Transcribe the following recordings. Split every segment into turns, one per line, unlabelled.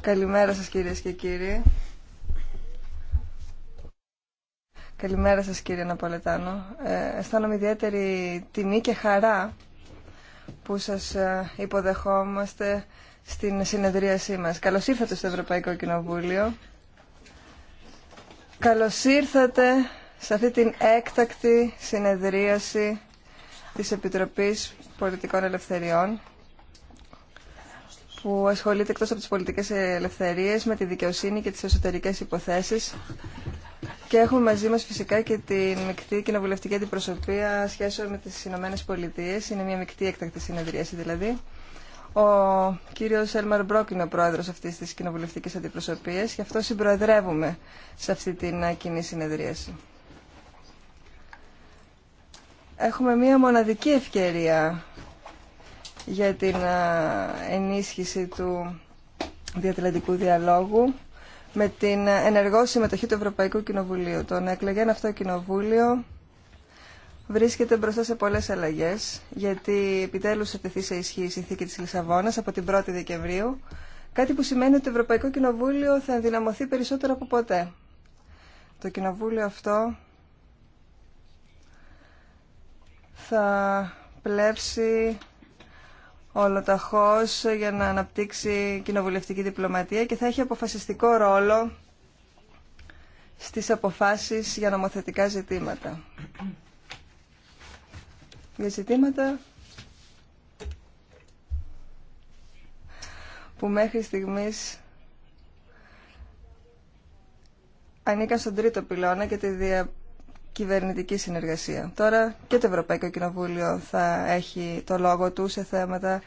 Καλημέρα σας κυρίες και κύριοι. Καλημέρα σας κύριε Ναπολετάνο. Ε, αισθάνομαι ιδιαίτερη τιμή και χαρά που σας ε, υποδεχόμαστε στην συνεδρίασή μας. Καλώς ήρθατε στο Ευρωπαϊκό Κοινοβούλιο. Καλώς ήρθατε σε αυτή την έκτακτη συνεδρίαση της Επιτροπής Πολιτικών Ελευθεριών που ασχολείται εκτός από τις πολιτικές ελευθερίες με τη δικαιοσύνη και τις εσωτερικές υποθέσεις και έχουμε μαζί μας φυσικά και την μεικτή κοινοβουλευτική αντιπροσωπεία σχέσεων με τις Ηνωμένε Πολιτείε. Είναι μια μεικτή έκτακτη συνεδρίαση δηλαδή. Ο κύριος Έλμαρ Μπρόκ είναι ο πρόεδρος αυτής της κοινοβουλευτικής αντιπροσωπείας και αυτό συμπροεδρεύουμε σε αυτή την κοινή συνεδρίαση. Έχουμε μια μοναδική ευκαιρία για την ενίσχυση του διατλαντικού διαλόγου με την ενεργό συμμετοχή του Ευρωπαϊκού Κοινοβουλίου. Το να εκλεγέν αυτό κοινοβούλιο βρίσκεται μπροστά σε πολλές αλλαγές, γιατί επιτέλους θα τεθεί σε ισχύ η συνθήκη της Λισαβόνας από την 1η Δεκεμβρίου, κάτι που σημαίνει ότι το Ευρωπαϊκό Κοινοβούλιο θα ενδυναμωθεί περισσότερο από ποτέ. Το κοινοβούλιο αυτό θα πλέψει ολοταχώς για να αναπτύξει κοινοβουλευτική διπλωματία και θα έχει αποφασιστικό ρόλο στις αποφάσεις για νομοθετικά ζητήματα. Για ζητήματα που μέχρι στιγμής ανήκαν στον τρίτο πυλώνα και τη δια κυβερνητική συνεργασία. Τώρα και το Ευρωπαϊκό Κοινοβούλιο θα έχει το λόγο του σε θέματα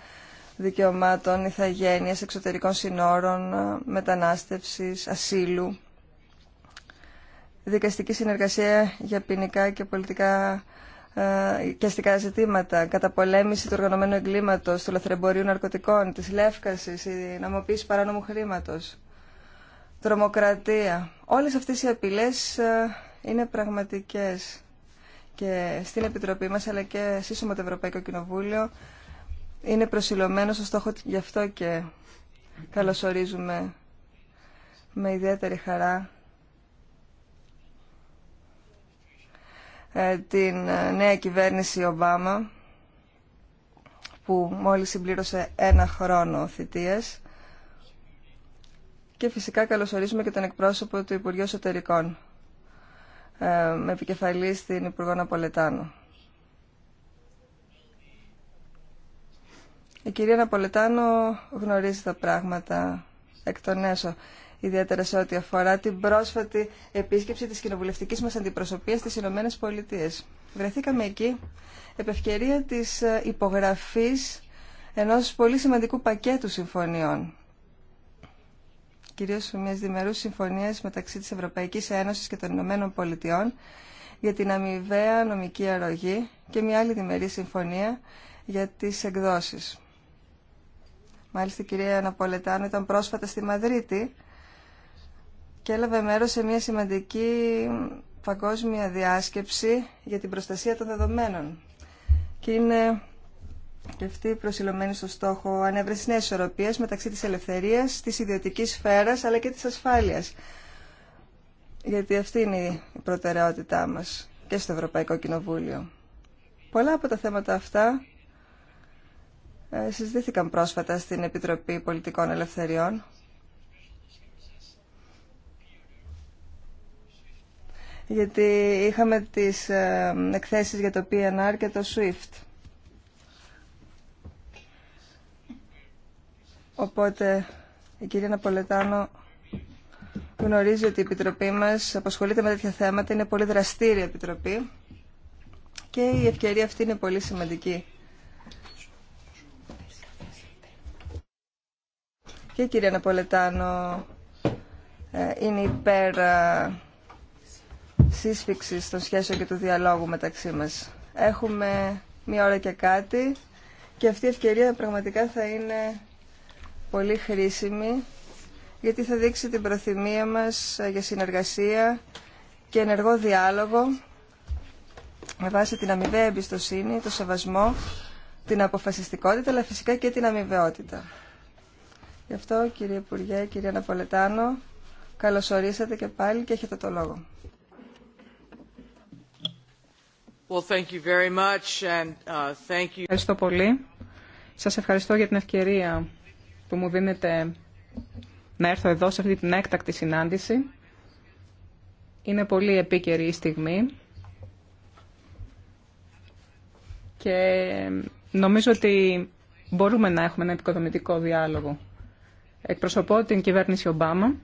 δικαιωμάτων, ηθαγένειας, εξωτερικών συνόρων, μετανάστευσης, ασύλου, δικαστική συνεργασία για ποινικά και πολιτικά ε, και αστικά ζητήματα, καταπολέμηση του οργανωμένου εγκλήματος, του λαθρεμπορίου ναρκωτικών, της λεύκασης, η νομοποίηση παράνομου χρήματος, τρομοκρατία. Όλες αυτές οι απειλές ε, είναι πραγματικές και στην Επιτροπή μας αλλά και σύσσωμα το Ευρωπαϊκό Κοινοβούλιο είναι προσιλωμένο στο στόχο γι' αυτό και καλωσορίζουμε με ιδιαίτερη χαρά ε, την ε, νέα κυβέρνηση Ομπάμα που μόλις συμπλήρωσε ένα χρόνο θητείας και φυσικά καλωσορίζουμε και τον εκπρόσωπο του Υπουργείου Εσωτερικών με επικεφαλή στην Υπουργό Ναπολετάνο. Η κυρία Ναπολετάνο γνωρίζει τα πράγματα εκ των έσω, ιδιαίτερα σε ό,τι αφορά την πρόσφατη επίσκεψη της κοινοβουλευτικής μας αντιπροσωπείας στις Ηνωμένε Πολιτείες. Βρεθήκαμε εκεί επ' ευκαιρία της ε, υπογραφής ενός πολύ σημαντικού πακέτου συμφωνιών κυρίως μιας διμερούς συμφωνίας μεταξύ της Ευρωπαϊκής Ένωσης και των Ηνωμένων Πολιτειών για την αμοιβαία νομική αρρωγή και μια άλλη διμερή συμφωνία για τις εκδόσεις. Μάλιστα η κυρία Ναπολετάνο ήταν πρόσφατα στη Μαδρίτη και έλαβε μέρος σε μια σημαντική παγκόσμια διάσκεψη για την προστασία των δεδομένων. Και είναι και αυτή προσιλωμένη στο στόχο ανέβρεση νέα ισορροπία μεταξύ τη ελευθερία, τη ιδιωτική σφαίρα αλλά και τη ασφάλεια. Γιατί αυτή είναι η προτεραιότητά μα και στο Ευρωπαϊκό Κοινοβούλιο. Πολλά από τα θέματα αυτά ε, συζητήθηκαν πρόσφατα στην Επιτροπή Πολιτικών Ελευθεριών. Γιατί είχαμε τις ε, εκθέσεις για το PNR και το SWIFT. Οπότε η κυρία Ναπολετάνο γνωρίζει ότι η Επιτροπή μας απασχολείται με τέτοια θέματα, είναι πολύ δραστήρια Επιτροπή και η ευκαιρία αυτή είναι πολύ σημαντική. Και η κυρία Ναπολετάνο ε, είναι υπέρ ε, σύσφυξης των σχέσεων και του διαλόγου μεταξύ μας. Έχουμε μία ώρα και κάτι και αυτή η ευκαιρία πραγματικά θα είναι πολύ χρήσιμη γιατί θα δείξει την προθυμία μας ε, για συνεργασία και ενεργό διάλογο με βάση την αμοιβαία εμπιστοσύνη, το σεβασμό, την αποφασιστικότητα, αλλά φυσικά και την αμοιβαιότητα. Γι' αυτό, κύριε Υπουργέ, κύριε Ναπολετάνο, καλωσορίσατε και πάλι και έχετε το λόγο.
thank you very much and, uh, thank you. Ευχαριστώ
πολύ. Σας
ευχαριστώ για την ευκαιρία που μου δίνετε να έρθω εδώ σε αυτή την έκτακτη συνάντηση. Είναι πολύ επίκαιρη η στιγμή και νομίζω ότι μπορούμε να έχουμε ένα επικοδομητικό διάλογο. Εκπροσωπώ την κυβέρνηση Ομπάμα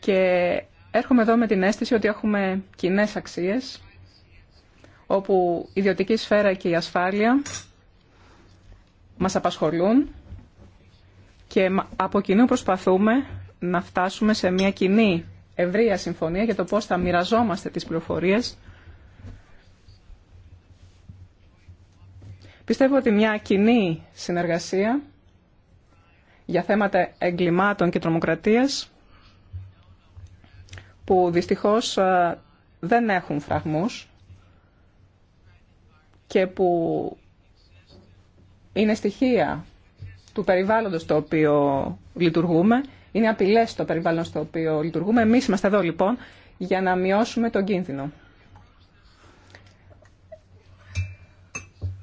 και έρχομαι εδώ με την αίσθηση ότι έχουμε κοινέ αξίες όπου η ιδιωτική σφαίρα και η ασφάλεια μας απασχολούν και από κοινού προσπαθούμε να φτάσουμε σε μια κοινή ευρεία συμφωνία για το πώς θα μοιραζόμαστε τις πληροφορίες. Πιστεύω ότι μια κοινή συνεργασία για θέματα εγκλημάτων και τρομοκρατίας που δυστυχώς ε, δεν έχουν φραγμούς και που είναι στοιχεία του περιβάλλοντος στο οποίο λειτουργούμε, είναι απειλές το περιβάλλον στο οποίο λειτουργούμε. Εμείς είμαστε εδώ λοιπόν για να μειώσουμε τον κίνδυνο.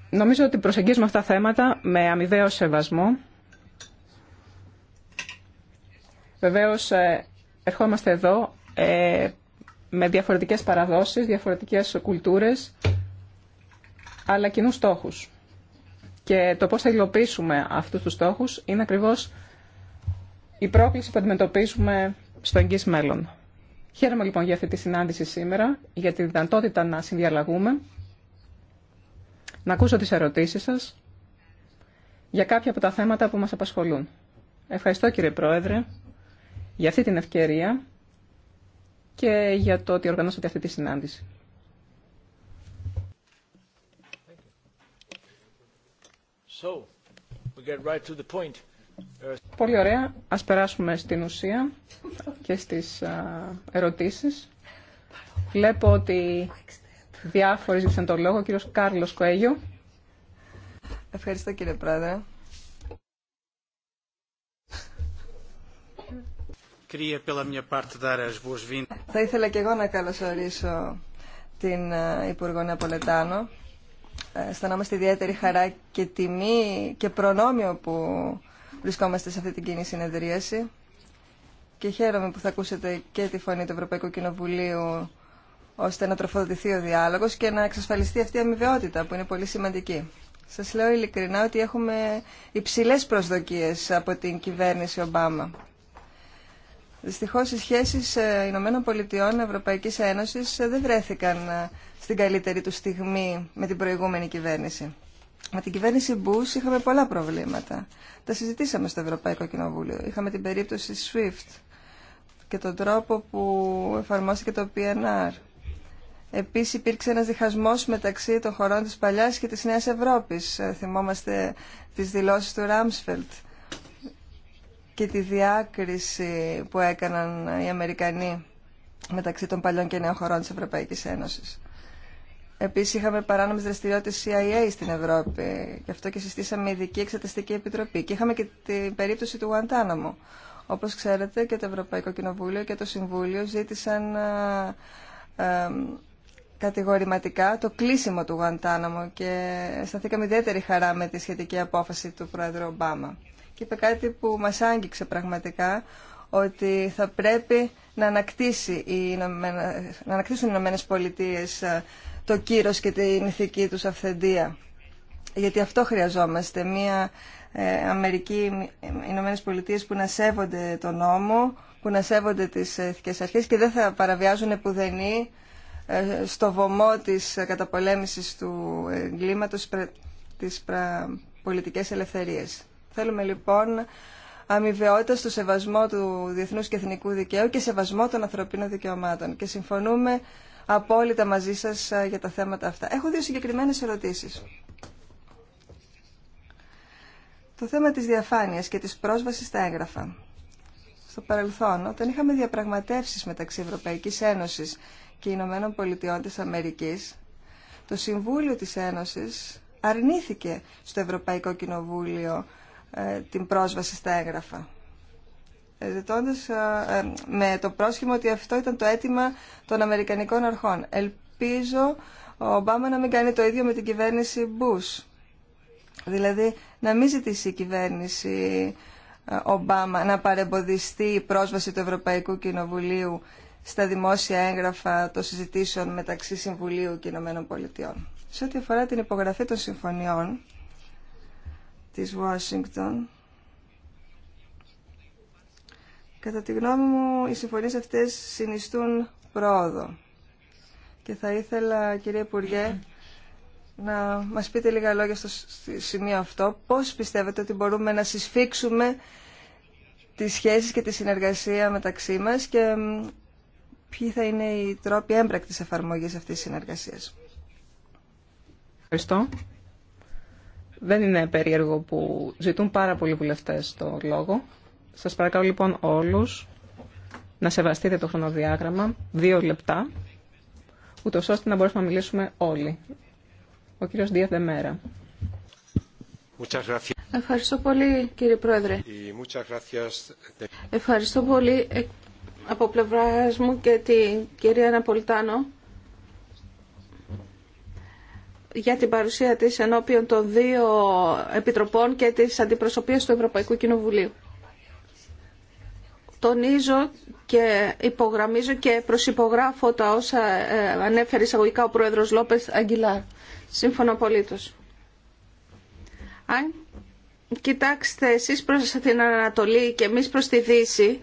Νομίζω ότι προσεγγίζουμε αυτά τα θέματα με αμοιβαίο σεβασμό. Βεβαίως ε, ερχόμαστε εδώ ε, με διαφορετικές παραδόσεις, διαφορετικές κουλτούρες, αλλά κοινού στόχους και το πώς θα υλοποιήσουμε αυτούς τους στόχους είναι ακριβώς η πρόκληση που αντιμετωπίζουμε στο εγγύς μέλλον. Χαίρομαι λοιπόν για αυτή τη συνάντηση σήμερα, για τη δυνατότητα να συνδιαλλαγούμε, να ακούσω τις ερωτήσεις σας για κάποια από τα θέματα που μας απασχολούν. Ευχαριστώ κύριε Πρόεδρε για αυτή την ευκαιρία και για το ότι οργανώσατε αυτή τη συνάντηση. Πολύ ωραία. Ας περάσουμε στην ουσία και στις ερωτήσεις. Βλέπω ότι διάφοροι ζήτησαν τον λόγο. Ο κύριος Κάρλος Κοέγιο. Ευχαριστώ
κύριε Πρόεδρε. Θα ήθελα και εγώ να καλωσορίσω την Υπουργό Νεπολετάνο αισθανόμαστε ιδιαίτερη χαρά και τιμή και προνόμιο που βρισκόμαστε σε αυτή την κοινή συνεδρίαση και χαίρομαι που θα ακούσετε και τη φωνή του Ευρωπαϊκού Κοινοβουλίου ώστε να τροφοδοτηθεί ο διάλογος και να εξασφαλιστεί αυτή η αμοιβαιότητα που είναι πολύ σημαντική. Σας λέω ειλικρινά ότι έχουμε υψηλές προσδοκίες από την κυβέρνηση Ομπάμα Δυστυχώ, οι σχέσεις ε, Ηνωμένων Πολιτειών Ευρωπαϊκής Ένωσης ε, δεν βρέθηκαν ε, στην καλύτερη του στιγμή με την προηγούμενη κυβέρνηση. Με την κυβέρνηση Bush είχαμε πολλά προβλήματα. Τα συζητήσαμε στο Ευρωπαϊκό Κοινοβούλιο. Είχαμε την περίπτωση SWIFT και τον τρόπο που εφαρμόστηκε το PNR. Επίσης υπήρξε ένα διχασμός μεταξύ των χωρών τη παλιά και τη Νέα Ευρώπη. Θυμόμαστε τι δηλώσει του Ράμσφελτ και τη διάκριση που έκαναν οι Αμερικανοί μεταξύ των παλιών και νέων χωρών της Ευρωπαϊκής Ένωσης. Επίσης είχαμε παράνομες δραστηριότητες CIA στην Ευρώπη γι' αυτό και συστήσαμε ειδική εξεταστική επιτροπή και είχαμε και την περίπτωση του Γουαντάναμου. Όπως ξέρετε και το Ευρωπαϊκό Κοινοβούλιο και το Συμβούλιο ζήτησαν ε, κατηγορηματικά το κλείσιμο του Γουαντάναμου και αισθανθήκαμε ιδιαίτερη χαρά με τη σχετική απόφαση του Πρόεδρου Ομπάμα και είπε κάτι που μας άγγιξε πραγματικά, ότι θα πρέπει να, ανακτήσει οι να ανακτήσουν οι Ηνωμένε Πολιτείε ε, το κύρος και την ηθική τους αυθεντία. Γιατί αυτό χρειαζόμαστε, μια ε, Αμερική, Αμερική, Ηνωμένε Πολιτείε που να σέβονται τον νόμο, που να σέβονται τις ηθικές αρχές και δεν θα παραβιάζουν επουδενή ε, στο βωμό της καταπολέμησης του εγκλήματος της πολιτικές ελευθερίες. Θέλουμε λοιπόν αμοιβαιότητα στο σεβασμό του διεθνούς και εθνικού δικαίου και σεβασμό των ανθρωπίνων δικαιωμάτων. Και συμφωνούμε απόλυτα μαζί σας ε, για τα θέματα αυτά. Έχω δύο συγκεκριμένες ερωτήσεις. Το θέμα της διαφάνειας και της πρόσβασης στα έγγραφα. Στο παρελθόν, όταν είχαμε διαπραγματεύσεις μεταξύ Ευρωπαϊκής Ένωσης και Ηνωμένων Πολιτειών της Αμερικής, το Συμβούλιο της Ένωσης αρνήθηκε στο Ευρωπαϊκό Κοινοβούλιο ε, την πρόσβαση στα έγγραφα. Ε, ζητώντας, ε, με το πρόσχημα ότι αυτό ήταν το αίτημα των Αμερικανικών αρχών. Ελπίζω ο Ομπάμα να μην κάνει το ίδιο με την κυβέρνηση Μπούς. Δηλαδή να μην ζητήσει η κυβέρνηση Ομπάμα να παρεμποδιστεί η πρόσβαση του Ευρωπαϊκού Κοινοβουλίου στα δημόσια έγγραφα των συζητήσεων μεταξύ Συμβουλίου και Ηνωμένων Πολιτειών. Σε ό,τι αφορά την υπογραφή των συμφωνιών, της Ουάσιγκτον. Κατά τη γνώμη μου, οι συμφωνίες αυτές συνιστούν πρόοδο. Και θα ήθελα, κύριε Υπουργέ, να μας πείτε λίγα λόγια στο σημείο αυτό. Πώς πιστεύετε ότι μπορούμε να συσφίξουμε τις σχέσεις και τη συνεργασία μεταξύ μας και ποιοι θα είναι οι τρόποι έμπρακτης εφαρμογής αυτής της συνεργασίας. Ευχαριστώ. Δεν είναι
περίεργο που ζητούν πάρα πολλοί βουλευτέ το λόγο. Σα παρακαλώ λοιπόν όλους να σεβαστείτε το χρονοδιάγραμμα, δύο λεπτά, ούτω ώστε
να μπορέσουμε να μιλήσουμε όλοι. Ο κύριο Δία Δεμέρα. Ευχαριστώ πολύ κύριε Πρόεδρε. Ευχαριστώ πολύ ε, από πλευρά μου και την κυρία Ναπολιτάνο για την παρουσία της ενώπιον των δύο επιτροπών και της αντιπροσωπείας του Ευρωπαϊκού Κοινοβουλίου. Τονίζω και υπογραμμίζω και προσυπογράφω τα όσα ε, ανέφερε εισαγωγικά ο Πρόεδρος Λόπες Αγγιλάρ. Σύμφωνα απολύτως. Αν κοιτάξτε εσείς προς την Ανατολή και εμείς προς τη Δύση,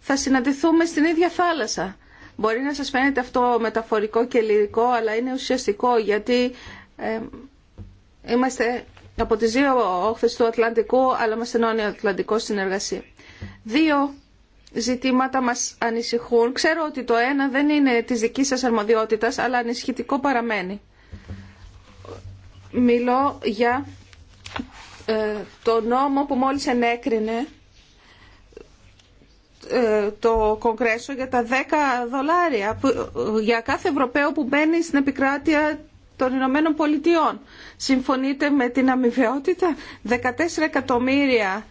θα συναντηθούμε στην ίδια θάλασσα. Μπορεί να σας φαίνεται αυτό μεταφορικό και λυρικό, αλλά είναι ουσιαστικό γιατί ε, είμαστε από τις δύο όχθες του Ατλαντικού, αλλά μας ενώνει ο Ατλαντικός συνεργασία. Δύο ζητήματα μας ανησυχούν. Ξέρω ότι το ένα δεν είναι της δικής σας αρμοδιότητας, αλλά ανησυχητικό παραμένει. Μιλώ για ε, το νόμο που μόλις ενέκρινε το Κογκρέσο για τα 10 δολάρια για κάθε Ευρωπαίο που μπαίνει στην επικράτεια των Ηνωμένων Πολιτειών. Συμφωνείτε με την αμοιβαιότητα. 14 εκατομμύρια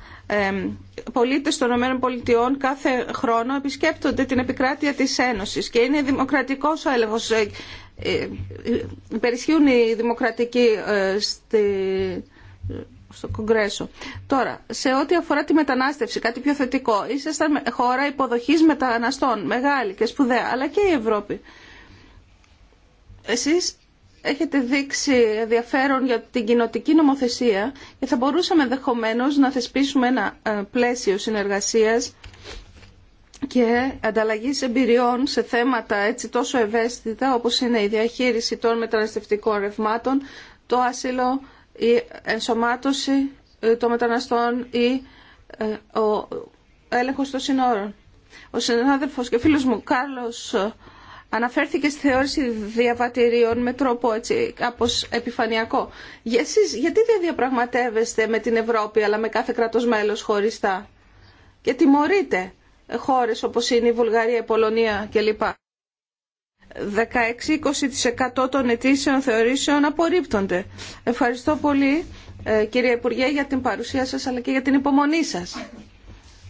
πολίτες των Ηνωμένων Πολιτειών κάθε χρόνο επισκέπτονται την επικράτεια της Ένωσης και είναι δημοκρατικός ο έλεγχος. Υπερισχύουν οι δημοκρατικοί στη στο Τώρα, σε ό,τι αφορά τη μετανάστευση, κάτι πιο θετικό. Ήσασταν χώρα υποδοχής μεταναστών, μεγάλη και σπουδαία, αλλά και η Ευρώπη. Εσείς έχετε δείξει ενδιαφέρον για την κοινοτική νομοθεσία και θα μπορούσαμε ενδεχομένω να θεσπίσουμε ένα ε, πλαίσιο συνεργασία και ανταλλαγή εμπειριών σε θέματα έτσι τόσο ευαίσθητα όπως είναι η διαχείριση των μεταναστευτικών ρευμάτων, το άσυλο, η ενσωμάτωση ε, των μεταναστών ή ε, ο έλεγχος των συνόρων. Ο συνάδελφος και φίλος μου Κάρλος ε, αναφέρθηκε στη θεώρηση διαβατηρίων με τρόπο έτσι κάπως επιφανειακό. Για εσείς γιατί δεν διαπραγματεύεστε με την Ευρώπη αλλά με κάθε κρατός μέλος χωριστά και τιμωρείτε χώρες όπως είναι η Βουλγαρία, η Πολωνία κλπ. 16-20% των αιτήσεων θεωρήσεων απορρίπτονται. Ευχαριστώ πολύ κύριε Υπουργέ για την παρουσία σας αλλά και για την υπομονή σας.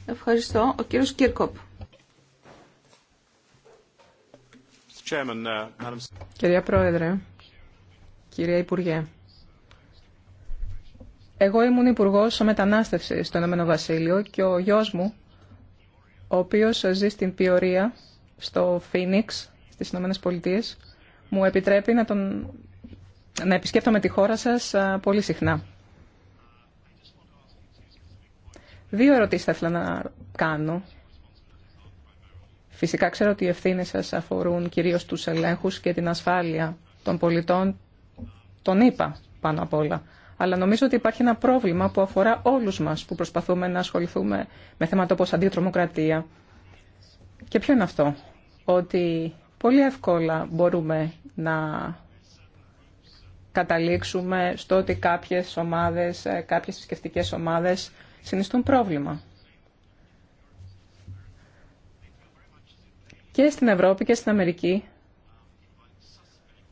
Ευχαριστώ. Ο κύριος Κίρκοπ.
Uh, κυρία Πρόεδρε, κύριε Υπουργέ, εγώ ήμουν υπουργό μετανάστευση στο Ηνωμένο Βασίλειο και ο γιος μου, ο οποίος ζει στην Πιορία, στο Φίνιξ, στις Ηνωμένες Πολιτείες μου επιτρέπει να, τον, να επισκέπτομαι τη χώρα σας πολύ συχνά. Δύο ερωτήσεις θα ήθελα να κάνω. Φυσικά ξέρω ότι οι ευθύνε σας αφορούν κυρίως τους ελέγχους και την ασφάλεια των πολιτών, τον είπα πάνω απ' όλα. Αλλά νομίζω ότι υπάρχει ένα πρόβλημα που αφορά όλους μας που προσπαθούμε να ασχοληθούμε με θέματα όπως αντιτρομοκρατία. Και ποιο είναι αυτό, ότι πολύ εύκολα μπορούμε να καταλήξουμε στο ότι κάποιες ομάδες, ε, κάποιες θρησκευτικέ ομάδες συνιστούν πρόβλημα. Και στην Ευρώπη και στην Αμερική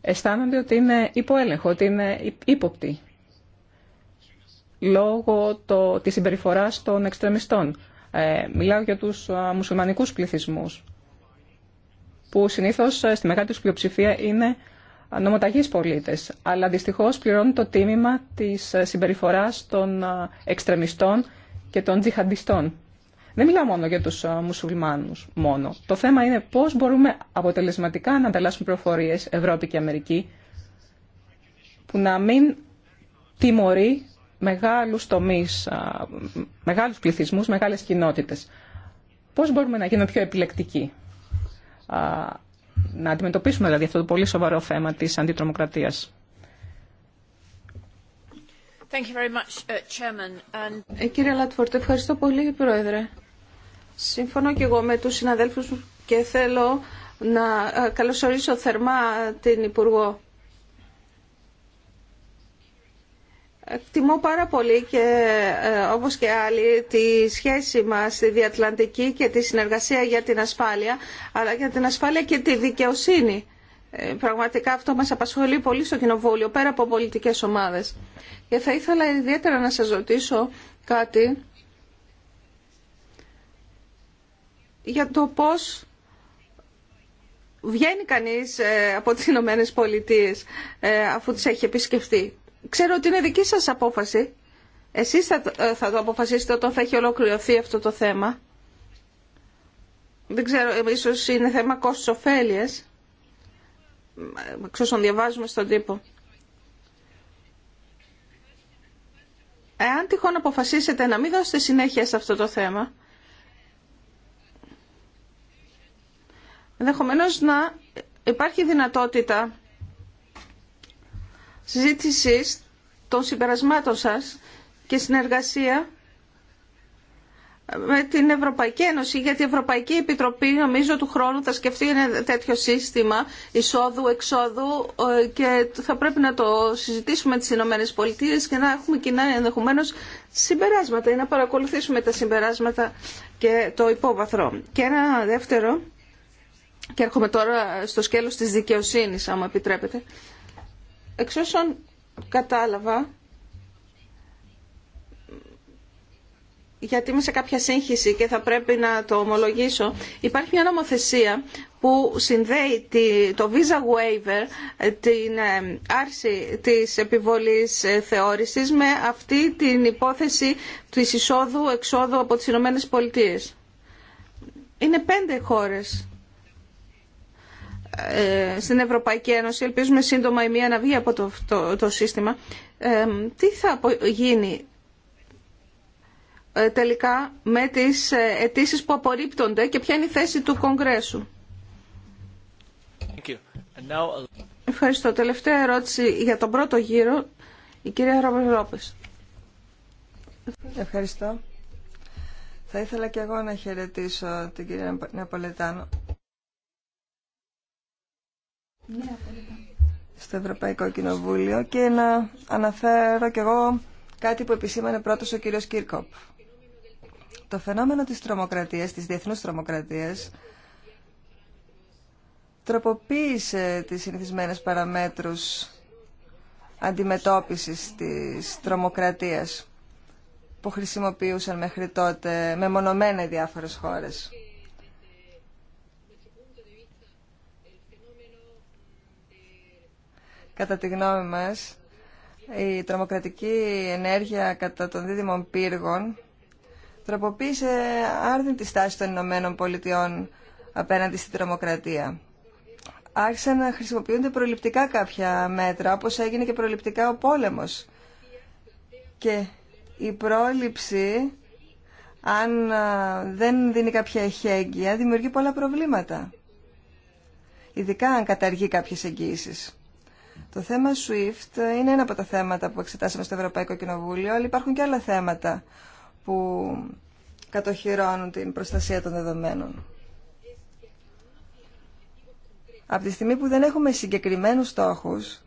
αισθάνονται ότι είναι υποέλεγχο, ότι είναι ύποπτοι λόγω το, της συμπεριφοράς των εξτρεμιστών. Ε, μιλάω για τους α, μουσουλμανικούς πληθυσμούς που συνήθω ε, στη μεγάλη του πλειοψηφία είναι νομοταγεί πολίτε. αλλά δυστυχώς πληρώνουν το τίμημα τη ε, συμπεριφοράς των ε, εξτρεμιστών και των τζιχαντιστών. Δεν μιλάω μόνο για τους μουσουλμάνους μόνο. Το θέμα είναι πώς μπορούμε αποτελεσματικά να ανταλλάσσουμε προφορίες Ευρώπη και Αμερική που να μην τιμωρεί μεγάλου τομείς, μεγάλους πληθυσμούς, μεγάλες κοινότητες. Πώς μπορούμε να γίνουμε πιο επιλεκτικοί να αντιμετωπίσουμε δηλαδή αυτό το πολύ σοβαρό θέμα της αντιτρομοκρατίας.
Thank you very much, uh, Ε, κύριε Λατφορτ, ευχαριστώ πολύ, Πρόεδρε. Συμφωνώ και εγώ με τους συναδέλφους μου και θέλω να ε, καλωσορίσω θερμά την Υπουργό. Εκτιμώ πάρα πολύ και ε, όπως και άλλοι τη σχέση μας στη Διατλαντική και τη συνεργασία για την ασφάλεια, αλλά για την ασφάλεια και τη δικαιοσύνη. Ε, πραγματικά αυτό μας απασχολεί πολύ στο Κοινοβούλιο, πέρα από πολιτικές ομάδες. Και θα ήθελα ιδιαίτερα να σας ρωτήσω κάτι για το πώς βγαίνει κανείς ε, από τις Ηνωμένε Πολιτείες αφού τις έχει επισκεφτεί ξέρω ότι είναι δική σας απόφαση. Εσείς θα, ε, θα το αποφασίσετε όταν θα έχει ολοκληρωθεί αυτό το θέμα. Δεν ξέρω, ε, ίσως είναι θέμα κόστος ωφέλειας. Ξέρω, διαβάζουμε στον τύπο. Εάν τυχόν αποφασίσετε να μην δώσετε συνέχεια σε αυτό το θέμα, ενδεχομένω να υπάρχει δυνατότητα συζήτηση των συμπερασμάτων σας και συνεργασία με την Ευρωπαϊκή Ένωση, γιατί η Ευρωπαϊκή Επιτροπή νομίζω του χρόνου θα σκεφτεί ένα τέτοιο σύστημα εισόδου-εξόδου ε, και θα πρέπει να το συζητήσουμε με τις Ηνωμένες Πολιτείες και να έχουμε κοινά ενδεχομένως συμπεράσματα ή να παρακολουθήσουμε τα συμπεράσματα και το υπόβαθρο. Και ένα δεύτερο, και έρχομαι τώρα στο σκέλος της δικαιοσύνης, άμα επιτρέπετε, Εξ όσων κατάλαβα, γιατί είμαι σε κάποια σύγχυση και θα πρέπει να το ομολογήσω, υπάρχει μια νομοθεσία που συνδέει το Visa Waiver, την ε, άρση της επιβολής ε, θεώρησης, με αυτή την υπόθεση της εισόδου-εξόδου από τις Ηνωμένε Πολιτείες. Είναι πέντε χώρες ε, στην Ευρωπαϊκή Ένωση, ελπίζουμε σύντομα η μία να βγει από το, σύστημα, ε, τι θα γίνει ε, τελικά με τις αιτήσει που απορρίπτονται και ποια είναι η θέση του Κογκρέσου. Ευχαριστώ. Τελευταία ερώτηση για τον πρώτο γύρο, η κυρία Ρόπες.
Ευχαριστώ. Θα ήθελα και εγώ να χαιρετήσω την κυρία Νεπολετάνο στο Ευρωπαϊκό Κοινοβούλιο και να αναφέρω κι εγώ κάτι που επισήμανε πρώτος ο κύριος Κίρκοπ. Το φαινόμενο της τρομοκρατίας, της διεθνούς τρομοκρατίας, τροποποίησε τις συνηθισμένες παραμέτρους αντιμετώπισης της τρομοκρατίας που χρησιμοποιούσαν μέχρι τότε μεμονωμένα οι διάφορες χώρες. κατά τη γνώμη μας, η τρομοκρατική ενέργεια κατά των δίδυμων πύργων τροποποίησε άρδιν τη στάση των Ηνωμένων Πολιτειών απέναντι στην τρομοκρατία. Άρχισαν να χρησιμοποιούνται προληπτικά κάποια μέτρα, όπως έγινε και προληπτικά ο πόλεμος. Και η πρόληψη, αν δεν δίνει κάποια εχέγγυα, δημιουργεί πολλά προβλήματα. Ειδικά αν καταργεί κάποιες εγγύησεις. Το θέμα SWIFT είναι ένα από τα θέματα που εξετάσαμε στο Ευρωπαϊκό Κοινοβούλιο, αλλά υπάρχουν και άλλα θέματα που κατοχυρώνουν την προστασία των δεδομένων. Από τη στιγμή που δεν έχουμε συγκεκριμένους στόχους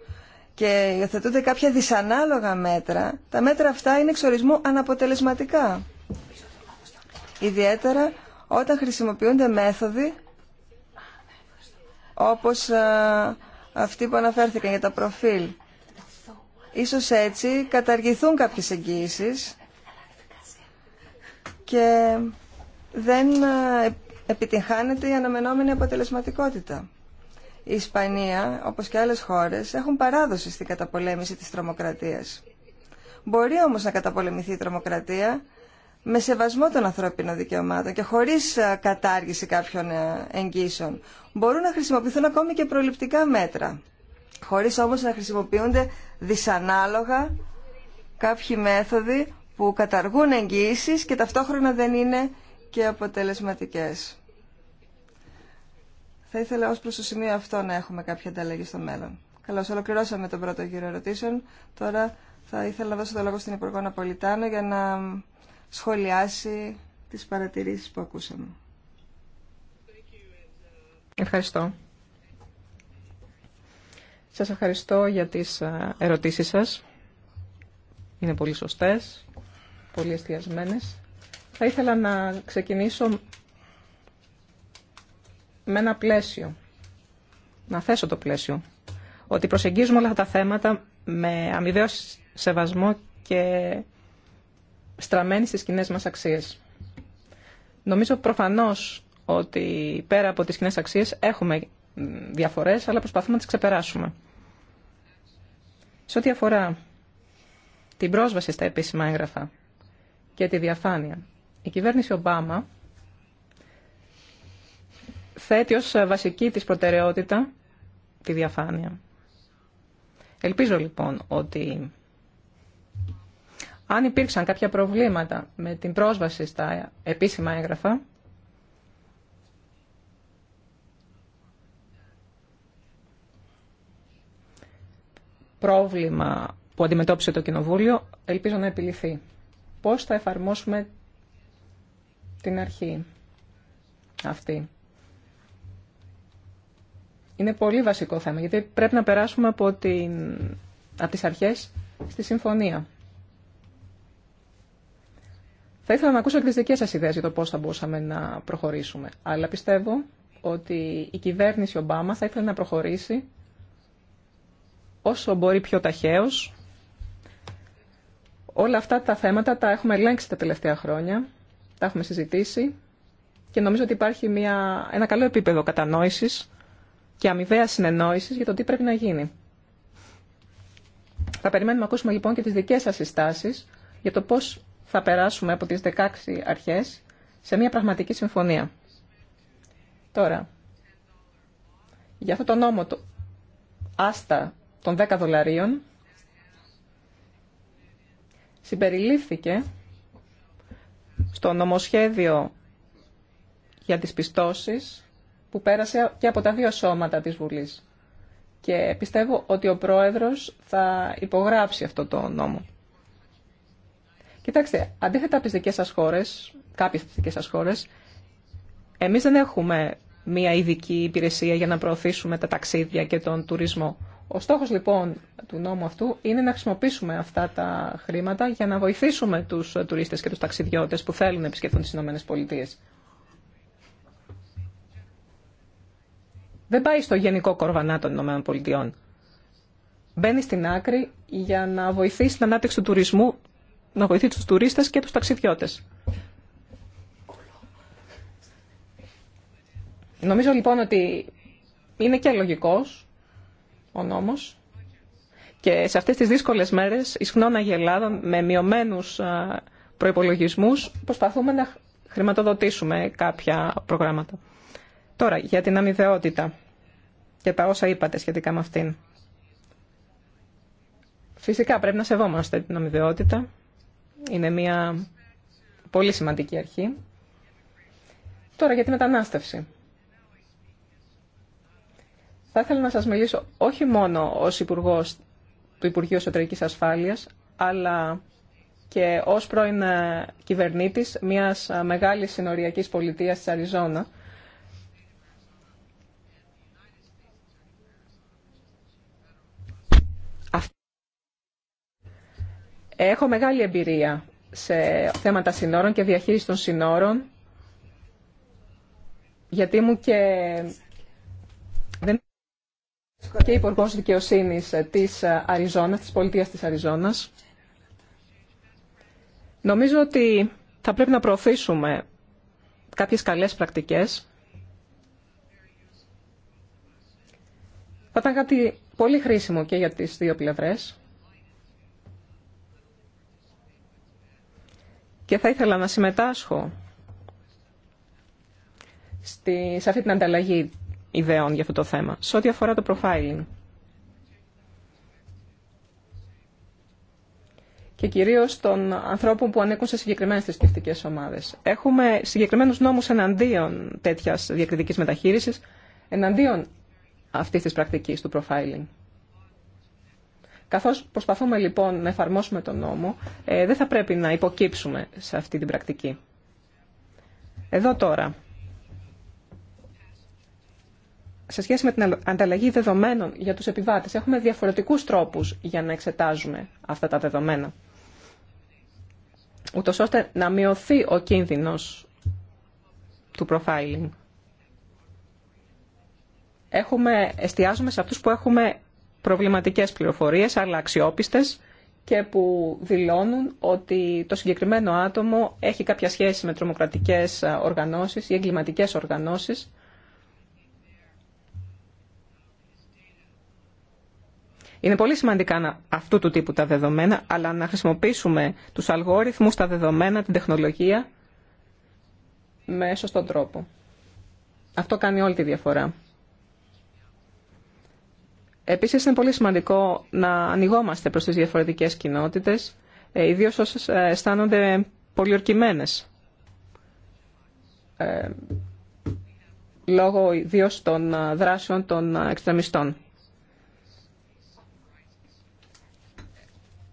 και υιοθετούνται κάποια δυσανάλογα μέτρα, τα μέτρα αυτά είναι ορισμού αναποτελεσματικά. Ιδιαίτερα όταν χρησιμοποιούνται μέθοδοι όπως ε, αυτοί που αναφέρθηκαν για τα προφίλ. Ίσως έτσι καταργηθούν κάποιες εγγύησεις και δεν ε, επιτυγχάνεται η αναμενόμενη αποτελεσματικότητα. Η Ισπανία, όπως και άλλες χώρες, έχουν παράδοση στην καταπολέμηση της τρομοκρατίας. Μπορεί όμως να καταπολεμηθεί η τρομοκρατία με σεβασμό των ανθρώπινων δικαιωμάτων και χωρίς ε, κατάργηση κάποιων ε, εγγύσεων. Μπορούν να χρησιμοποιηθούν ακόμη και προληπτικά μέτρα, χωρίς όμως να χρησιμοποιούνται δυσανάλογα κάποιοι μέθοδοι που καταργούν εγγύησεις και ταυτόχρονα δεν είναι και αποτελεσματικές. Θα ήθελα ως προς το σημείο αυτό να έχουμε κάποια ανταλλαγή στο μέλλον. Καλώς, ολοκληρώσαμε τον πρώτο γύρο ερωτήσεων. Τώρα θα ήθελα να δώσω το λόγο στην Υπουργό Ναπολιτάνο για να σχολιάσει τις παρατηρήσεις που ακούσαμε. Ευχαριστώ.
Σας ευχαριστώ για τις ε, ερωτήσεις σας. Είναι πολύ σωστές, πολύ εστιασμένες. Θα ήθελα να ξεκινήσω με ένα πλαίσιο, να θέσω το πλαίσιο, ότι προσεγγίζουμε όλα τα θέματα με αμοιβαίο σεβασμό και στραμμένη στις κοινέ μας αξίες. Νομίζω προφανώς ότι πέρα από τις κοινέ αξίες έχουμε διαφορές, αλλά προσπαθούμε να τις ξεπεράσουμε. Σε ό,τι αφορά την πρόσβαση στα επίσημα έγγραφα και τη διαφάνεια, η κυβέρνηση Ομπάμα θέτει ως βασική της προτεραιότητα τη διαφάνεια. Ελπίζω λοιπόν ότι αν υπήρξαν κάποια προβλήματα με την πρόσβαση στα επίσημα έγγραφα, πρόβλημα που αντιμετώπισε το Κοινοβούλιο, ελπίζω να επιληθεί. Πώς θα εφαρμόσουμε την αρχή αυτή. Είναι πολύ βασικό θέμα, γιατί πρέπει να περάσουμε από, την... από τις αρχές στη συμφωνία. Θα ήθελα να ακούσω και τις δικές σας ιδέες για το πώς θα μπορούσαμε να προχωρήσουμε. Αλλά πιστεύω ότι η κυβέρνηση Ομπάμα θα ήθελε να προχωρήσει όσο μπορεί πιο ταχαίω. Όλα αυτά τα θέματα τα έχουμε ελέγξει τα τελευταία χρόνια, τα έχουμε συζητήσει και νομίζω ότι υπάρχει μια, ένα καλό επίπεδο κατανόηση και αμοιβαία συνεννόησης για το τι πρέπει να γίνει. Θα περιμένουμε να ακούσουμε λοιπόν και τι δικέ σα συστάσει για το πώ θα περάσουμε από τις 16 αρχές σε μια πραγματική συμφωνία. Τώρα, για αυτό το νόμο το άστα των 10 δολαρίων συμπεριλήφθηκε στο νομοσχέδιο για τις πιστώσεις που πέρασε και από τα δύο σώματα της Βουλής. Και πιστεύω ότι ο Πρόεδρος θα υπογράψει αυτό το νόμο. Κοιτάξτε, αντίθετα από τι δικέ σα χώρε, κάποιες από τι δικές σας χώρες, εμείς δεν έχουμε μια ειδική υπηρεσία για να προωθήσουμε τα ταξίδια και τον τουρισμό. Ο στόχος λοιπόν του νόμου αυτού είναι να χρησιμοποιήσουμε αυτά τα χρήματα για να βοηθήσουμε τους τουρίστες και τους ταξιδιώτες που θέλουν να επισκεφθούν τις ΗΠΑ. Δεν πάει στο γενικό κορβανά των Ηνωμένων Μπαίνει στην άκρη για να βοηθήσει την ανάπτυξη του τουρισμού να βοηθεί τους τουρίστες και τους ταξιδιώτες. Νομίζω λοιπόν ότι είναι και λογικός ο νόμος και σε αυτές τις δύσκολες μέρες σχνώνα η Ελλάδα με μειωμένους προϋπολογισμούς προσπαθούμε να χρηματοδοτήσουμε κάποια προγράμματα. Τώρα, για την αμοιβαιότητα και τα όσα είπατε σχετικά με αυτήν. Φυσικά πρέπει να σεβόμαστε την αμοιβαιότητα. Είναι μια πολύ σημαντική αρχή. Τώρα για τη μετανάστευση. Θα ήθελα να σας μιλήσω όχι μόνο ως Υπουργός του Υπουργείου Εσωτερικής Ασφάλειας, αλλά και ως πρώην ε, κυβερνήτης μιας ε, μεγάλης συνοριακής πολιτείας της Αριζόνα, Έχω μεγάλη εμπειρία σε θέματα συνόρων και διαχείριση των συνόρων, γιατί μου και, και υπουργό δικαιοσύνη τη Αριζόνα, τη πολιτεία τη Αριζόνα. Νομίζω ότι θα πρέπει να προωθήσουμε κάποιες καλές πρακτικές. Θα ήταν κάτι πολύ χρήσιμο και για τις δύο πλευρές. και θα ήθελα να συμμετάσχω στη, σε αυτή την ανταλλαγή ιδεών για αυτό το θέμα. Σε ό,τι αφορά το profiling. και κυρίως των ανθρώπων που ανήκουν σε συγκεκριμένες θρησκευτικέ ομάδες. Έχουμε συγκεκριμένους νόμους εναντίον τέτοιας διακριτικής μεταχείρισης, εναντίον αυτής της πρακτικής του profiling. Καθώς προσπαθούμε λοιπόν να εφαρμόσουμε τον νόμο, ε, δεν θα πρέπει να υποκύψουμε σε αυτή την πρακτική. Εδώ τώρα, σε σχέση με την ανταλλαγή δεδομένων για τους επιβάτες, έχουμε διαφορετικούς τρόπους για να εξετάζουμε αυτά τα δεδομένα. Ούτω ώστε να μειωθεί ο κίνδυνος του profiling. Έχουμε, εστιάζουμε σε αυτούς που έχουμε προβληματικές πληροφορίες, αλλά αξιόπιστες και που δηλώνουν ότι το συγκεκριμένο άτομο έχει κάποια σχέση με τρομοκρατικές οργανώσεις ή εγκληματικές οργανώσεις. Είναι πολύ σημαντικά αυτού του τύπου τα δεδομένα, αλλά να χρησιμοποιήσουμε τους αλγόριθμους, τα δεδομένα, την τεχνολογία με σωστό τρόπο. Αυτό κάνει όλη τη διαφορά. Επίσης είναι πολύ σημαντικό να ανοιγόμαστε προς τις διαφορετικές κοινότητες, ε, ιδίως όσες ε, αισθάνονται πολιορκημένες. Ε, λόγω ιδίω των δράσεων των εξτρεμιστών.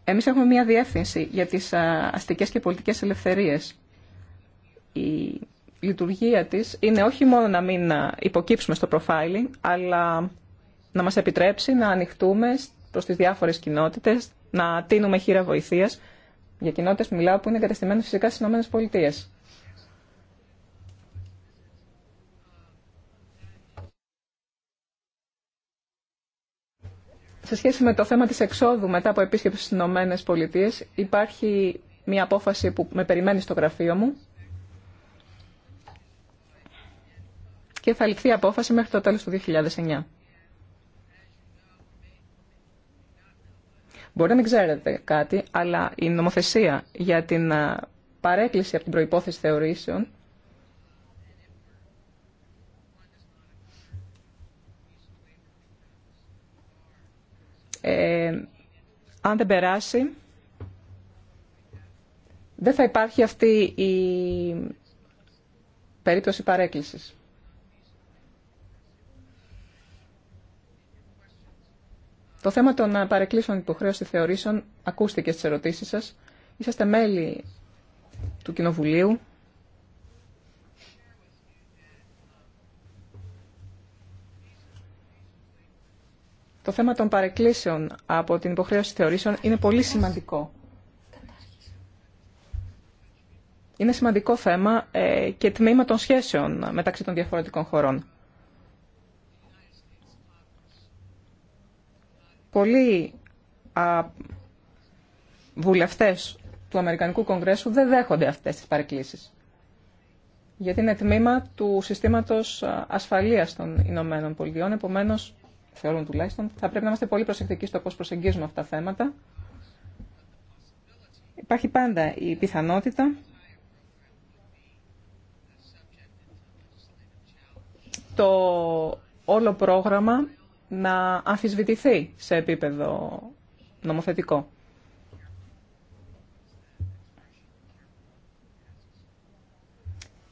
Εμείς έχουμε μία διεύθυνση για τις αστικές και πολιτικές ελευθερίες. Η λειτουργία της είναι όχι μόνο να μην υποκύψουμε στο profiling, αλλά να μας επιτρέψει να ανοιχτούμε προς τις διάφορες κοινότητες, να τίνουμε χείρα βοηθείας για κοινότητες που μιλάω που είναι εγκαταστημένες φυσικά στις Πολιτείες. Σε σχέση με το θέμα της εξόδου μετά από επίσκεψη στις Ηνωμένε Πολιτείε, υπάρχει μια απόφαση που με περιμένει στο γραφείο μου και θα ληφθεί απόφαση μέχρι το τέλος του 2009. Μπορεί να μην ξέρετε κάτι, αλλά η νομοθεσία για την ε, παρέκκληση από την προϋπόθεση θεωρήσεων ε, αν δεν περάσει, δεν θα υπάρχει αυτή η περίπτωση παρέκκλησης. Το θέμα των ε, παρεκκλήσεων υποχρέωση θεωρήσεων ακούστηκε στι ερωτήσεις σας. Είσαστε μέλη του Κοινοβουλίου. Το θέμα των παρεκκλήσεων από την υποχρέωση θεωρήσεων είναι πολύ σημαντικό. Είναι σημαντικό θέμα ε, και τμήμα των σχέσεων μεταξύ των διαφορετικών χωρών. πολλοί α, βουλευτές του Αμερικανικού Κογκρέσου δεν δέχονται αυτές τις παρεκκλήσεις. Γιατί είναι τμήμα του συστήματος ασφαλείας των Ηνωμένων Πολιτειών, επομένως, θεωρούν τουλάχιστον, θα πρέπει να είμαστε πολύ προσεκτικοί στο πώς προσεγγίζουμε αυτά τα θέματα. Υπάρχει πάντα η πιθανότητα το όλο πρόγραμμα να αμφισβητηθεί σε επίπεδο νομοθετικό.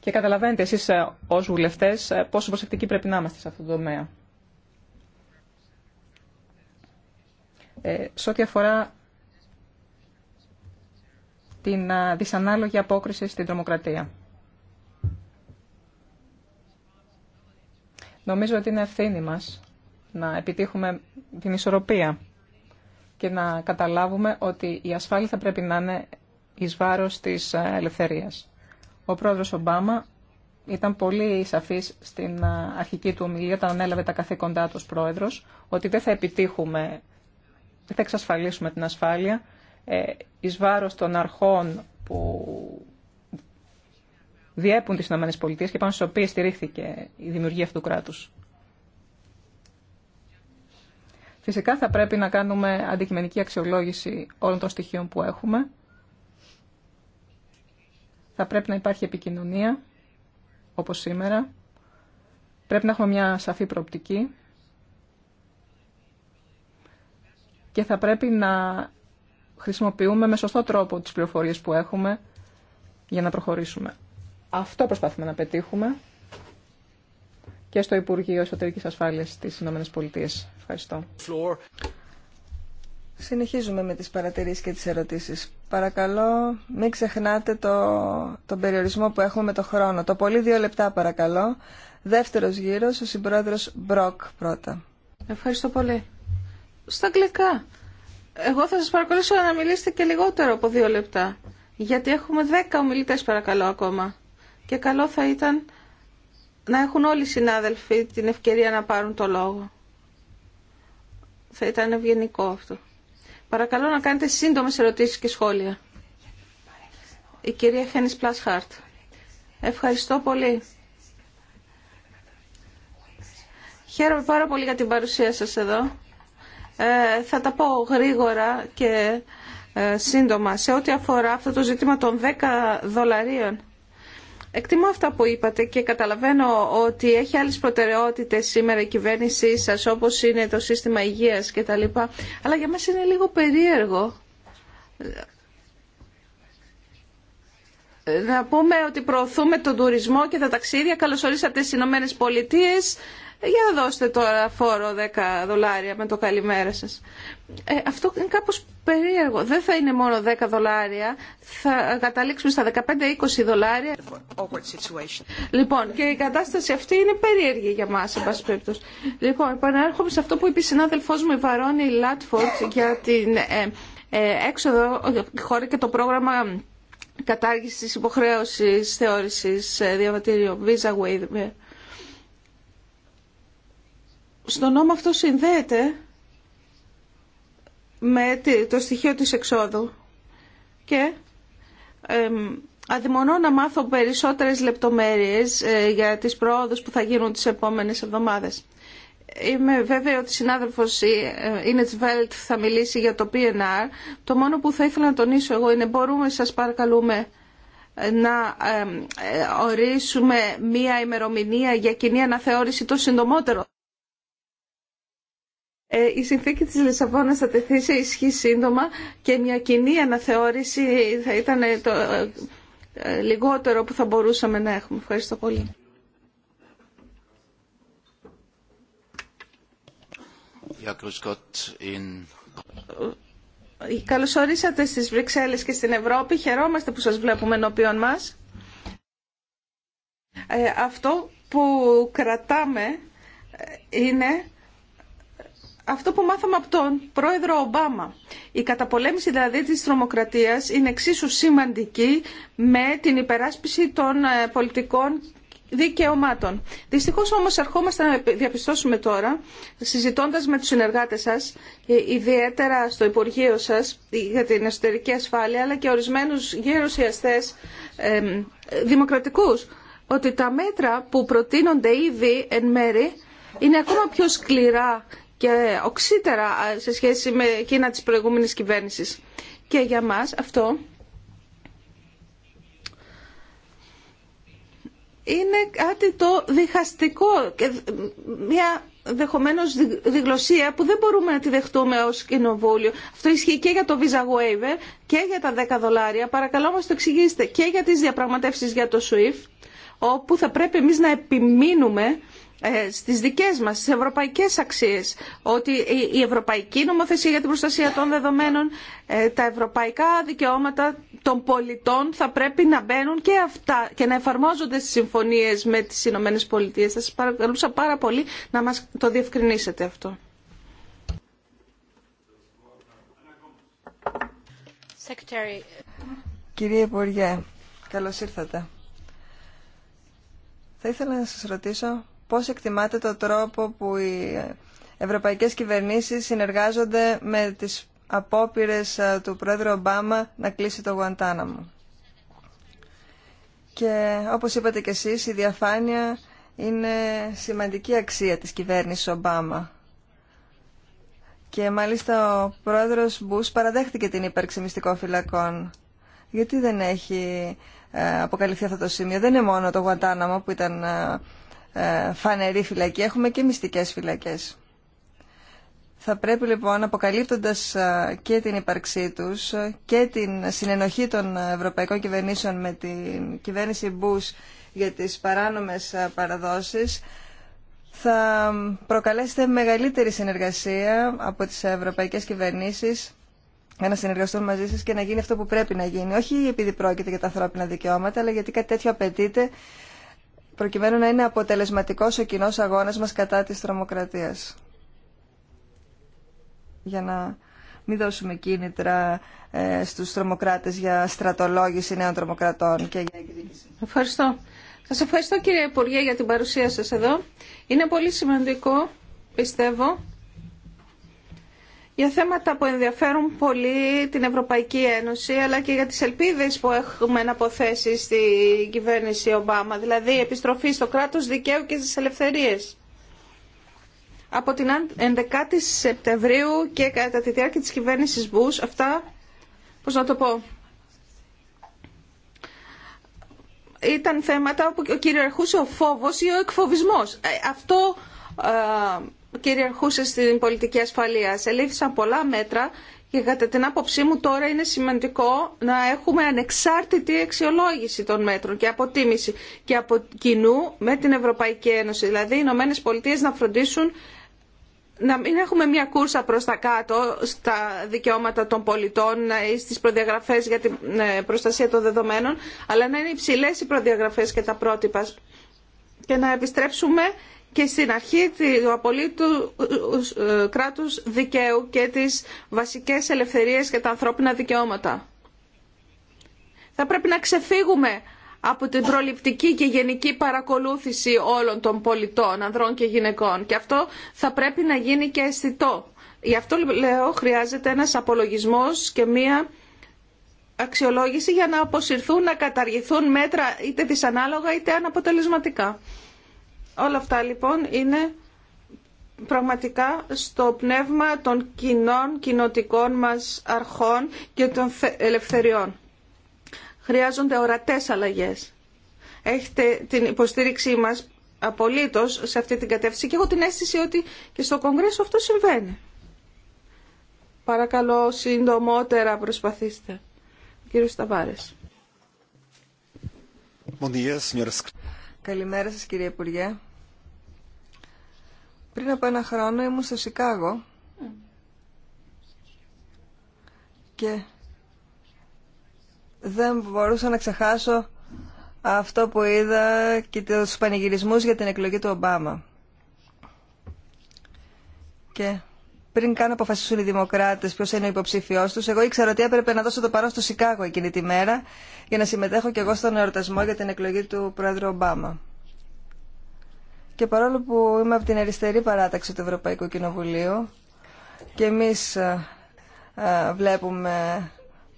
Και καταλαβαίνετε εσείς ε, ως βουλευτές ε, πόσο προσεκτικοί πρέπει να είμαστε σε αυτό το τομέα. Ε, σε ό,τι αφορά την ε, δυσανάλογη απόκριση στην τρομοκρατία. Νομίζω ότι είναι ευθύνη μας να επιτύχουμε την ισορροπία και να καταλάβουμε ότι η ασφάλεια θα πρέπει να είναι εις βάρος της ε, ελευθερίας. Ο πρόεδρος Ομπάμα ήταν πολύ σαφής στην ε, αρχική του ομιλία, όταν ανέλαβε τα καθήκοντά του ως πρόεδρος, ότι δεν θα επιτύχουμε, δεν θα εξασφαλίσουμε την ασφάλεια ε, εις βάρος των αρχών που διέπουν τις ΗΠΑ και πάνω στις οποίες στηρίχθηκε η δημιουργία αυτού του κράτους. Φυσικά θα πρέπει να κάνουμε αντικειμενική αξιολόγηση όλων των στοιχείων που έχουμε. Θα πρέπει να υπάρχει επικοινωνία, όπως σήμερα. Πρέπει να έχουμε μια σαφή προοπτική. Και θα πρέπει να χρησιμοποιούμε με σωστό τρόπο τις πληροφορίες που έχουμε για να προχωρήσουμε. Αυτό προσπαθούμε να πετύχουμε
και στο Υπουργείο Εσωτερική Ασφάλεια της ΗΠΑ. Ευχαριστώ. Συνεχίζουμε με τις παρατηρήσεις και τις ερωτήσεις. Παρακαλώ, μην ξεχνάτε το, τον περιορισμό που έχουμε με το χρόνο. Το πολύ δύο λεπτά παρακαλώ. Δεύτερος γύρος, ο συμπρόεδρος Μπροκ πρώτα. Ευχαριστώ πολύ. Στα
αγγλικά. Εγώ θα σας παρακολουθήσω να μιλήσετε και λιγότερο από δύο λεπτά. Γιατί έχουμε δέκα ομιλητές παρακαλώ ακόμα. Και καλό θα ήταν να έχουν όλοι οι συνάδελφοι την ευκαιρία να πάρουν το λόγο. Θα ήταν ευγενικό αυτό. Παρακαλώ να κάνετε σύντομες ερωτήσεις και σχόλια. Η κυρία Χένις Πλάσχαρτ. Ευχαριστώ πολύ. Χαίρομαι πάρα πολύ για την παρουσία σας εδώ. Ε, θα τα πω γρήγορα και ε, σύντομα. Σε ό,τι αφορά αυτό το ζήτημα των 10 δολαρίων Εκτιμώ αυτά που είπατε και καταλαβαίνω ότι έχει άλλες προτεραιότητες σήμερα η κυβέρνησή σας όπως είναι το σύστημα υγείας και τα λοιπά. Αλλά για μας είναι λίγο περίεργο να πούμε ότι προωθούμε τον τουρισμό και τα ταξίδια. Καλώς ορίσατε στις Ηνωμένε Πολιτείες. Ε, για να δώσετε τώρα φόρο 10 δολάρια με το καλημέρα σας. Ε, αυτό είναι κάπως περίεργο. Δεν θα είναι μόνο 10 δολάρια, θα καταλήξουμε στα 15-20 δολάρια. Λοιπόν, και η κατάσταση αυτή είναι περίεργη για μας, εν πάση Λοιπόν, επανέρχομαι σε αυτό που είπε η συνάδελφός μου η Βαρόνη Λάτφορτ για την ε, ε έξοδο χώρα και το πρόγραμμα κατάργησης υποχρέωσης θεώρησης διαβατήριο Visa Waiver στο νόμο αυτό συνδέεται με το στοιχείο της εξόδου και αδειμονώ να μάθω περισσότερες λεπτομέρειες ε, για τις πρόοδους που θα γίνουν τις επόμενες εβδομάδες. Είμαι βέβαιη ότι η συνάδελφος ε, είναι Βέλτ θα μιλήσει για το PNR. Το μόνο που θα ήθελα να τονίσω εγώ είναι μπορούμε σας παρακαλούμε να ε, ορίσουμε μία ημερομηνία για κοινή αναθεώρηση το συντομότερο. Ε, η συνθήκη της Λισαβόνας θα τεθεί σε ισχύ σύντομα και μια κοινή αναθεώρηση θα ήταν το ε, λιγότερο που θα μπορούσαμε να έχουμε. Ευχαριστώ πολύ. Ε, καλωσορίσατε Καλώς ορίσατε στις Βρυξέλλες και στην Ευρώπη. Χαιρόμαστε που σας βλέπουμε ενώπιον μας. Ε, αυτό που κρατάμε είναι αυτό που μάθαμε από τον πρόεδρο Ομπάμα. Η καταπολέμηση δηλαδή της τρομοκρατίας είναι εξίσου σημαντική με την υπεράσπιση των ε, πολιτικών δικαιωμάτων. Δυστυχώς όμως αρχόμαστε να διαπιστώσουμε τώρα, συζητώντας με τους συνεργάτες σας, ε, ιδιαίτερα στο Υπουργείο σας για την εσωτερική ασφάλεια, αλλά και ορισμένους γερουσιαστές ε, ε, δημοκρατικούς, ότι τα μέτρα που προτείνονται ήδη εν μέρη είναι ακόμα πιο σκληρά και οξύτερα σε σχέση με εκείνα της προηγούμενης κυβέρνησης. Και για μας αυτό είναι κάτι το διχαστικό και μια δεχομένως διγλωσία που δεν μπορούμε να τη δεχτούμε ως κοινοβούλιο. Αυτό ισχύει και για το Visa Waiver και για τα 10 δολάρια. Παρακαλώ μας το εξηγήστε και για τις διαπραγματεύσεις για το SWIFT όπου θα πρέπει εμείς να επιμείνουμε ε, στις δικές μας, στις ευρωπαϊκές αξίες, ότι η ευρωπαϊκή νομοθεσία για την προστασία των δεδομένων, ε, τα ευρωπαϊκά δικαιώματα των πολιτών θα πρέπει να μπαίνουν και αυτά και να εφαρμόζονται στις συμφωνίες με τις Ηνωμένε Πολιτείε. Θα σας παρακαλούσα πάρα πολύ να μας το διευκρινίσετε αυτό.
Κύριε Υπουργέ, καλώς ήρθατε. Θα ήθελα να σας ρωτήσω πώς εκτιμάτε το τρόπο που οι ευρωπαϊκές κυβερνήσεις συνεργάζονται με τις απόπειρες ε, του πρόεδρου Ομπάμα να κλείσει το Γουαντάναμο. Και όπως είπατε και εσείς, η διαφάνεια είναι σημαντική αξία της κυβέρνησης Ομπάμα. Και μάλιστα ο πρόεδρος Μπούς παραδέχτηκε την ύπαρξη μυστικών φυλακών. Γιατί δεν έχει ε, αποκαλυφθεί αυτό το σημείο. Δεν είναι μόνο το Γουαντάναμο που ήταν ε, ε, φανερή φυλακή, έχουμε και μυστικές φυλακές. Θα πρέπει λοιπόν, αποκαλύπτοντας ε, και την ύπαρξή τους ε, και την συνενοχή των ευρωπαϊκών κυβερνήσεων με την κυβέρνηση Μπούς για τις παράνομες παραδόσεις, θα προκαλέσετε μεγαλύτερη συνεργασία από τις ευρωπαϊκές κυβερνήσεις για να συνεργαστούν μαζί σας και να γίνει αυτό που πρέπει να γίνει. Όχι επειδή πρόκειται για τα ανθρώπινα δικαιώματα, αλλά γιατί κάτι τέτοιο απαιτείται προκειμένου να είναι αποτελεσματικός ο κοινό αγώνας μας κατά της τρομοκρατίας. Για να μην δώσουμε κίνητρα ε, στους τρομοκράτες για στρατολόγηση νέων τρομοκρατών και για εκδίκηση. Ευχαριστώ. Σας ευχαριστώ κύριε Υπουργέ για την παρουσία σας εδώ.
Είναι πολύ σημαντικό, πιστεύω, για θέματα που ενδιαφέρουν πολύ την Ευρωπαϊκή Ένωση αλλά και για τις ελπίδες που έχουμε να αποθέσει στη κυβέρνηση Ομπάμα, δηλαδή επιστροφή στο κράτος δικαίου και στις ελευθερίες. Από την 11η Σεπτεμβρίου και κατά τη διάρκεια της κυβέρνησης Μπούς, αυτά, πώς να το πω, ήταν θέματα όπου κυριαρχούσε ο φόβος ή ο εκφοβισμός. Ε, αυτό ε, κυριαρχούσε στην πολιτική ασφαλεία. Ελήφθησαν πολλά μέτρα και κατά την άποψή μου τώρα είναι σημαντικό να έχουμε ανεξάρτητη αξιολόγηση των μέτρων και αποτίμηση και από κοινού με την Ευρωπαϊκή Ένωση. Δηλαδή οι Ηνωμένε Πολιτείες να φροντίσουν να μην έχουμε μια κούρσα προς τα κάτω στα δικαιώματα των πολιτών ή στις προδιαγραφές για την ε, προστασία των δεδομένων, αλλά να είναι υψηλές οι προδιαγραφές και τα πρότυπα και να επιστρέψουμε και στην αρχή του απολύτου ε, κράτους δικαίου και τις βασικές ελευθερίες και τα ανθρώπινα δικαιώματα. Θα πρέπει να ξεφύγουμε από την προληπτική και γενική παρακολούθηση όλων των πολιτών, ανδρών και γυναικών. Και αυτό θα πρέπει να γίνει και αισθητό. Γι' αυτό λέω χρειάζεται ένας απολογισμός και μία αξιολόγηση για να αποσυρθούν, να καταργηθούν μέτρα είτε δυσανάλογα είτε αναποτελεσματικά. Όλα αυτά λοιπόν είναι πραγματικά στο πνεύμα των κοινών κοινοτικών μας αρχών και των ελευθεριών. Χρειάζονται ορατές αλλαγές. Έχετε την υποστήριξή μας απολύτως σε αυτή την κατεύθυνση και έχω την αίσθηση ότι και στο Κογκρέσο αυτό συμβαίνει. Παρακαλώ συντομότερα προσπαθήστε. Κύριο Σταβάρες.
Καλημέρα σας κύριε Υπουργέ. Πριν από ένα χρόνο ήμουν στο Σικάγο και δεν μπορούσα να ξεχάσω αυτό που είδα και τους πανηγυρισμούς για την εκλογή του Ομπάμα. Και πριν καν αποφασίσουν οι δημοκράτε ποιο είναι ο υποψήφιό του, εγώ ήξερα ότι έπρεπε να δώσω το παρόν στο Σικάγο εκείνη τη μέρα για να συμμετέχω κι εγώ στον εορτασμό για την εκλογή του Πρόεδρου Ομπάμα. Και παρόλο που είμαι από την αριστερή παράταξη του Ευρωπαϊκού Κοινοβουλίου και εμεί ε, ε, βλέπουμε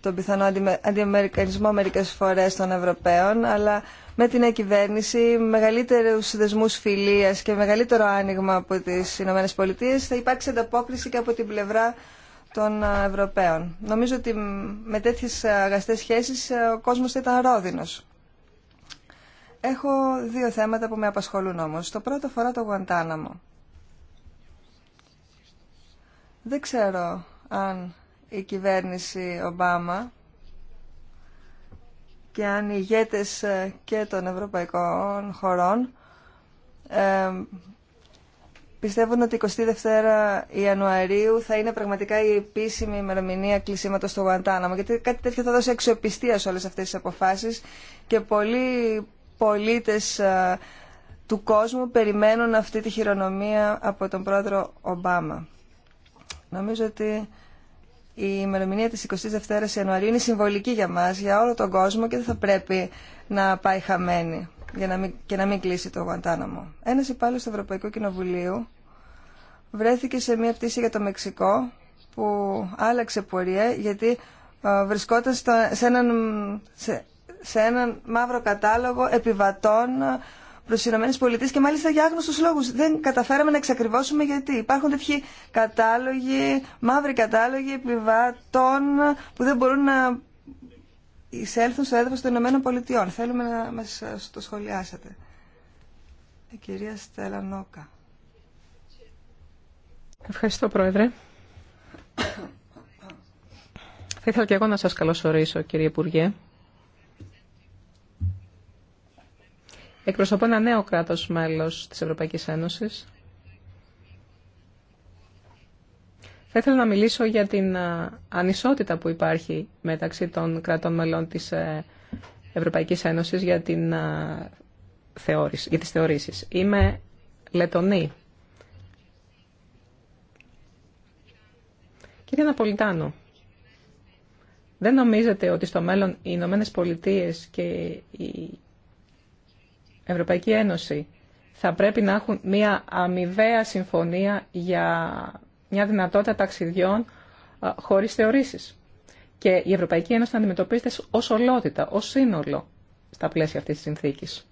τον πιθανό αντιμερικανισμό μερικέ φορέ των Ευρωπαίων, αλλά με την νέα κυβέρνηση μεγαλύτερους δεσμούς φιλίας και μεγαλύτερο άνοιγμα από τις Ηνωμένες Πολιτείες θα υπάρξει ανταπόκριση και από την πλευρά των ε, Ευρωπαίων. Νομίζω ότι με τέτοιες ε, αγαστές σχέσεις ε, ο κόσμος θα ήταν ρόδινος. Έχω δύο θέματα που με απασχολούν όμως. Το πρώτο αφορά το Γουαντάναμο. Δεν ξέρω αν η κυβέρνηση Ομπάμα και αν οι ηγέτες ε, και των ευρωπαϊκών χωρών ε, πιστεύουν ότι 22 Ιανουαρίου θα είναι πραγματικά η επίσημη ημερομηνία κλεισίματος στο Γουαντάναμο γιατί κάτι τέτοιο θα δώσει αξιοπιστία σε όλες αυτές τις αποφάσεις και πολλοί πολίτες ε, του κόσμου περιμένουν αυτή τη χειρονομία από τον πρόεδρο Ομπάμα. Νομίζω ότι η ημερομηνία της 22ης Ιανουαρίου είναι συμβολική για μας, για όλο τον κόσμο και δεν θα πρέπει να πάει χαμένη για να μην, και να μην κλείσει το Γουαντάναμο. Ένας υπάλληλος του Ευρωπαϊκού Κοινοβουλίου βρέθηκε σε μια πτήση για το Μεξικό που άλλαξε πορεία γιατί ε, βρισκόταν σε, έναν, σε έναν μαύρο κατάλογο επιβατών προ τι ΗΠΑ και μάλιστα για άγνωστου λόγου. Δεν καταφέραμε να εξακριβώσουμε γιατί. Υπάρχουν τέτοιοι κατάλογοι, μαύροι κατάλογοι επιβατών που δεν μπορούν να εισέλθουν στο έδαφο των Πολιτείων. Θέλουμε να μα ε, το σχολιάσετε. Η κυρία Στέλλα Νόκα. Ευχαριστώ, Πρόεδρε.
Θα ήθελα και εγώ να σας καλωσορίσω, κύριε Υπουργέ, Εκπροσωπώ ένα νέο κράτος μέλος της Ευρωπαϊκής Ένωσης. Θα ήθελα να μιλήσω για την ε, ανισότητα που υπάρχει μεταξύ των κρατών μελών της ε, Ευρωπαϊκής Ένωσης για, την ε, θεώρηση, για τις θεωρήσεις. Είμαι Λετωνή. Κύριε Ναπολιτάνο, δεν νομίζετε ότι στο μέλλον οι Ηνωμένε Πολιτείε και οι Ευρωπαϊκή Ένωση θα πρέπει να έχουν μια αμοιβαία συμφωνία για μια δυνατότητα ταξιδιών χωρίς θεωρήσεις. Και η Ευρωπαϊκή Ένωση θα αντιμετωπίζεται ως ολότητα, ως σύνολο στα πλαίσια αυτής της συνθήκης.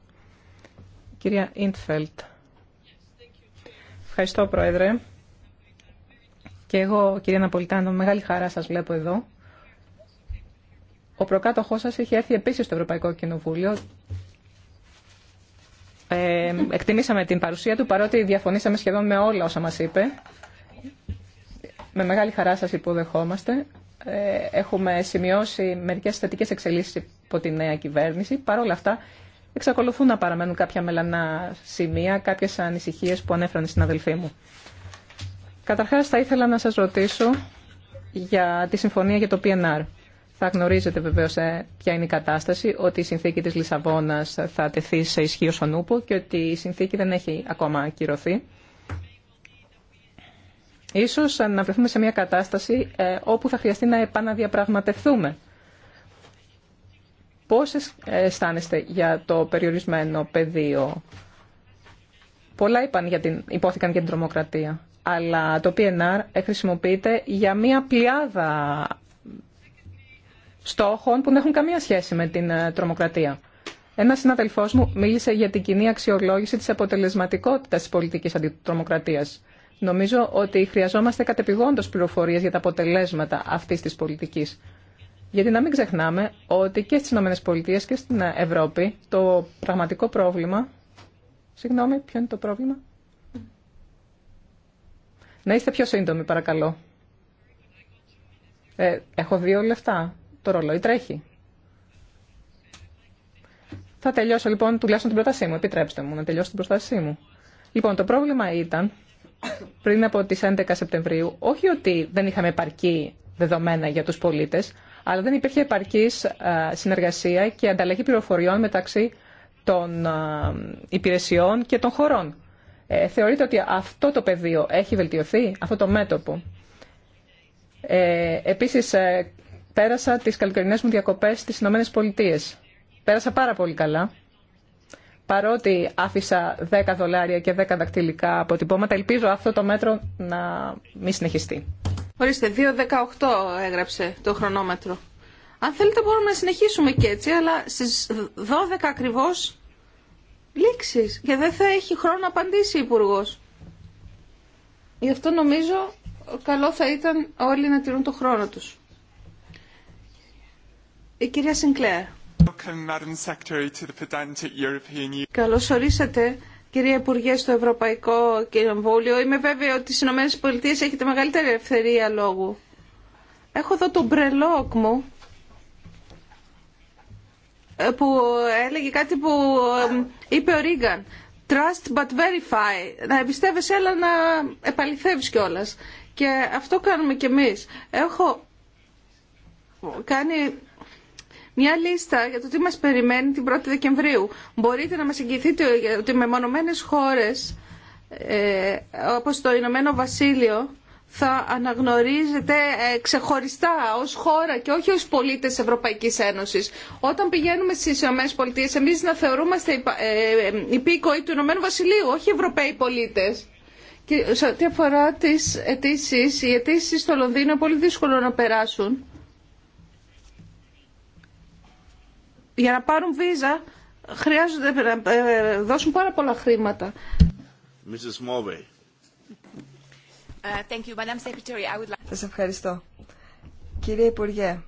Κυρία Ιντφελτ. Ευχαριστώ, Πρόεδρε. Και εγώ, κυρία Ναπολιτάνο, μεγάλη χαρά σας βλέπω εδώ. Ο προκάτοχός σας είχε έρθει επίσης στο Ευρωπαϊκό Κοινοβούλιο ε, εκτιμήσαμε την παρουσία του, παρότι διαφωνήσαμε σχεδόν με όλα όσα μας είπε. Με μεγάλη χαρά σας υποδεχόμαστε. Ε, έχουμε σημειώσει μερικές θετικές εξελίξεις από τη νέα κυβέρνηση. Παρ' όλα αυτά, εξακολουθούν να παραμένουν κάποια μελανά σημεία, κάποιες ανησυχίες που ανέφεραν στην αδελφή μου. Καταρχάς, θα ήθελα να σας ρωτήσω για τη συμφωνία για το PNR. Θα γνωρίζετε βεβαίω ε, ποια είναι η κατάσταση, ότι η συνθήκη τη Λισαβόνα θα τεθεί σε ισχύ ω ονούπο και ότι η συνθήκη δεν έχει ακόμα ακυρωθεί. Ίσως να βρεθούμε σε μια κατάσταση ε, όπου θα χρειαστεί να επαναδιαπραγματευτούμε. Πώς ε, αισθάνεστε για το περιορισμένο πεδίο. Πολλά είπαν για την, υπόθηκαν για την τρομοκρατία. Αλλά το PNR χρησιμοποιείται για μια πλειάδα στόχων που δεν έχουν καμία σχέση με την ε, τρομοκρατία. Ένα συναδελφό μου μίλησε για την κοινή αξιολόγηση τη αποτελεσματικότητα τη πολιτική αντιτρομοκρατία. Νομίζω ότι χρειαζόμαστε κατεπηγόντω πληροφορίε για τα αποτελέσματα αυτή τη πολιτική. Γιατί να μην ξεχνάμε ότι και στι ΗΠΑ και στην ε, Ευρώπη το πραγματικό πρόβλημα. Συγγνώμη, ποιο είναι το πρόβλημα. Να είστε πιο σύντομοι, παρακαλώ. Ε, έχω δύο λεφτά το ρολόι τρέχει. Θα τελειώσω λοιπόν τουλάχιστον την πρότασή μου. Επιτρέψτε μου να τελειώσω την πρότασή μου. Λοιπόν, το πρόβλημα ήταν πριν από τις 11 Σεπτεμβρίου, όχι ότι δεν είχαμε επαρκή δεδομένα για τους πολίτες, αλλά δεν υπήρχε επαρκής ε, συνεργασία και ανταλλαγή πληροφοριών μεταξύ των ε, υπηρεσιών και των χωρών. Ε, θεωρείτε ότι αυτό το πεδίο έχει βελτιωθεί, αυτό το μέτωπο. Ε, επίσης, ε, Πέρασα τις καλοκαιρινές μου διακοπές στις Ηνωμένες Πολιτείες. Πέρασα πάρα πολύ καλά. Παρότι άφησα 10 δολάρια και 10 δακτυλικά αποτυπώματα, ελπίζω αυτό το μέτρο να μην συνεχιστεί.
Ορίστε, 2.18 έγραψε το χρονόμετρο. Αν θέλετε μπορούμε να συνεχίσουμε και έτσι, αλλά στις 12 ακριβώς λήξεις και δεν θα έχει χρόνο να απαντήσει ο υπουργό. Γι' αυτό νομίζω καλό θα ήταν όλοι να τηρούν το χρόνο τους. Η κυρία Σινκλέρ. Καλώς ορίσατε, κυρία Υπουργέ, στο Ευρωπαϊκό Κοινοβούλιο. Είμαι βέβαιη ότι στι ΗΠΑ πολιτείε έχετε μεγαλύτερη ελευθερία λόγου. Έχω εδώ τον μπρελόκ μου ε, που έλεγε κάτι που ε, είπε ο Ρίγκαν. Trust but verify. Να εμπιστεύεσαι, αλλά να επαληθεύεις κιόλα. Και αυτό κάνουμε κι εμείς. Έχω κάνει μια λίστα για το τι μας περιμένει την 1η Δεκεμβρίου. Μπορείτε να μας εγγυηθείτε ότι με μονομένες χώρες ε, όπως το Ηνωμένο Βασίλειο θα αναγνωρίζετε ξεχωριστά ως χώρα και όχι ως πολίτες Ευρωπαϊκής Ένωσης. Όταν πηγαίνουμε στις Ηνωμένες Πολιτείες, εμείς να θεωρούμαστε ε, ε, υπήκοοι του Ηνωμένου Βασιλείου, όχι Ευρωπαίοι πολίτες. Και σε ό,τι αφορά τις αιτήσει, οι αιτήσει στο Λονδίνο είναι πολύ δύσκολο να περάσουν για να πάρουν βίζα χρειάζονται να ε, ε, δώσουν πάρα πολλά χρήματα.
Uh, Σας ευχαριστώ. Κύριε Υπουργέ,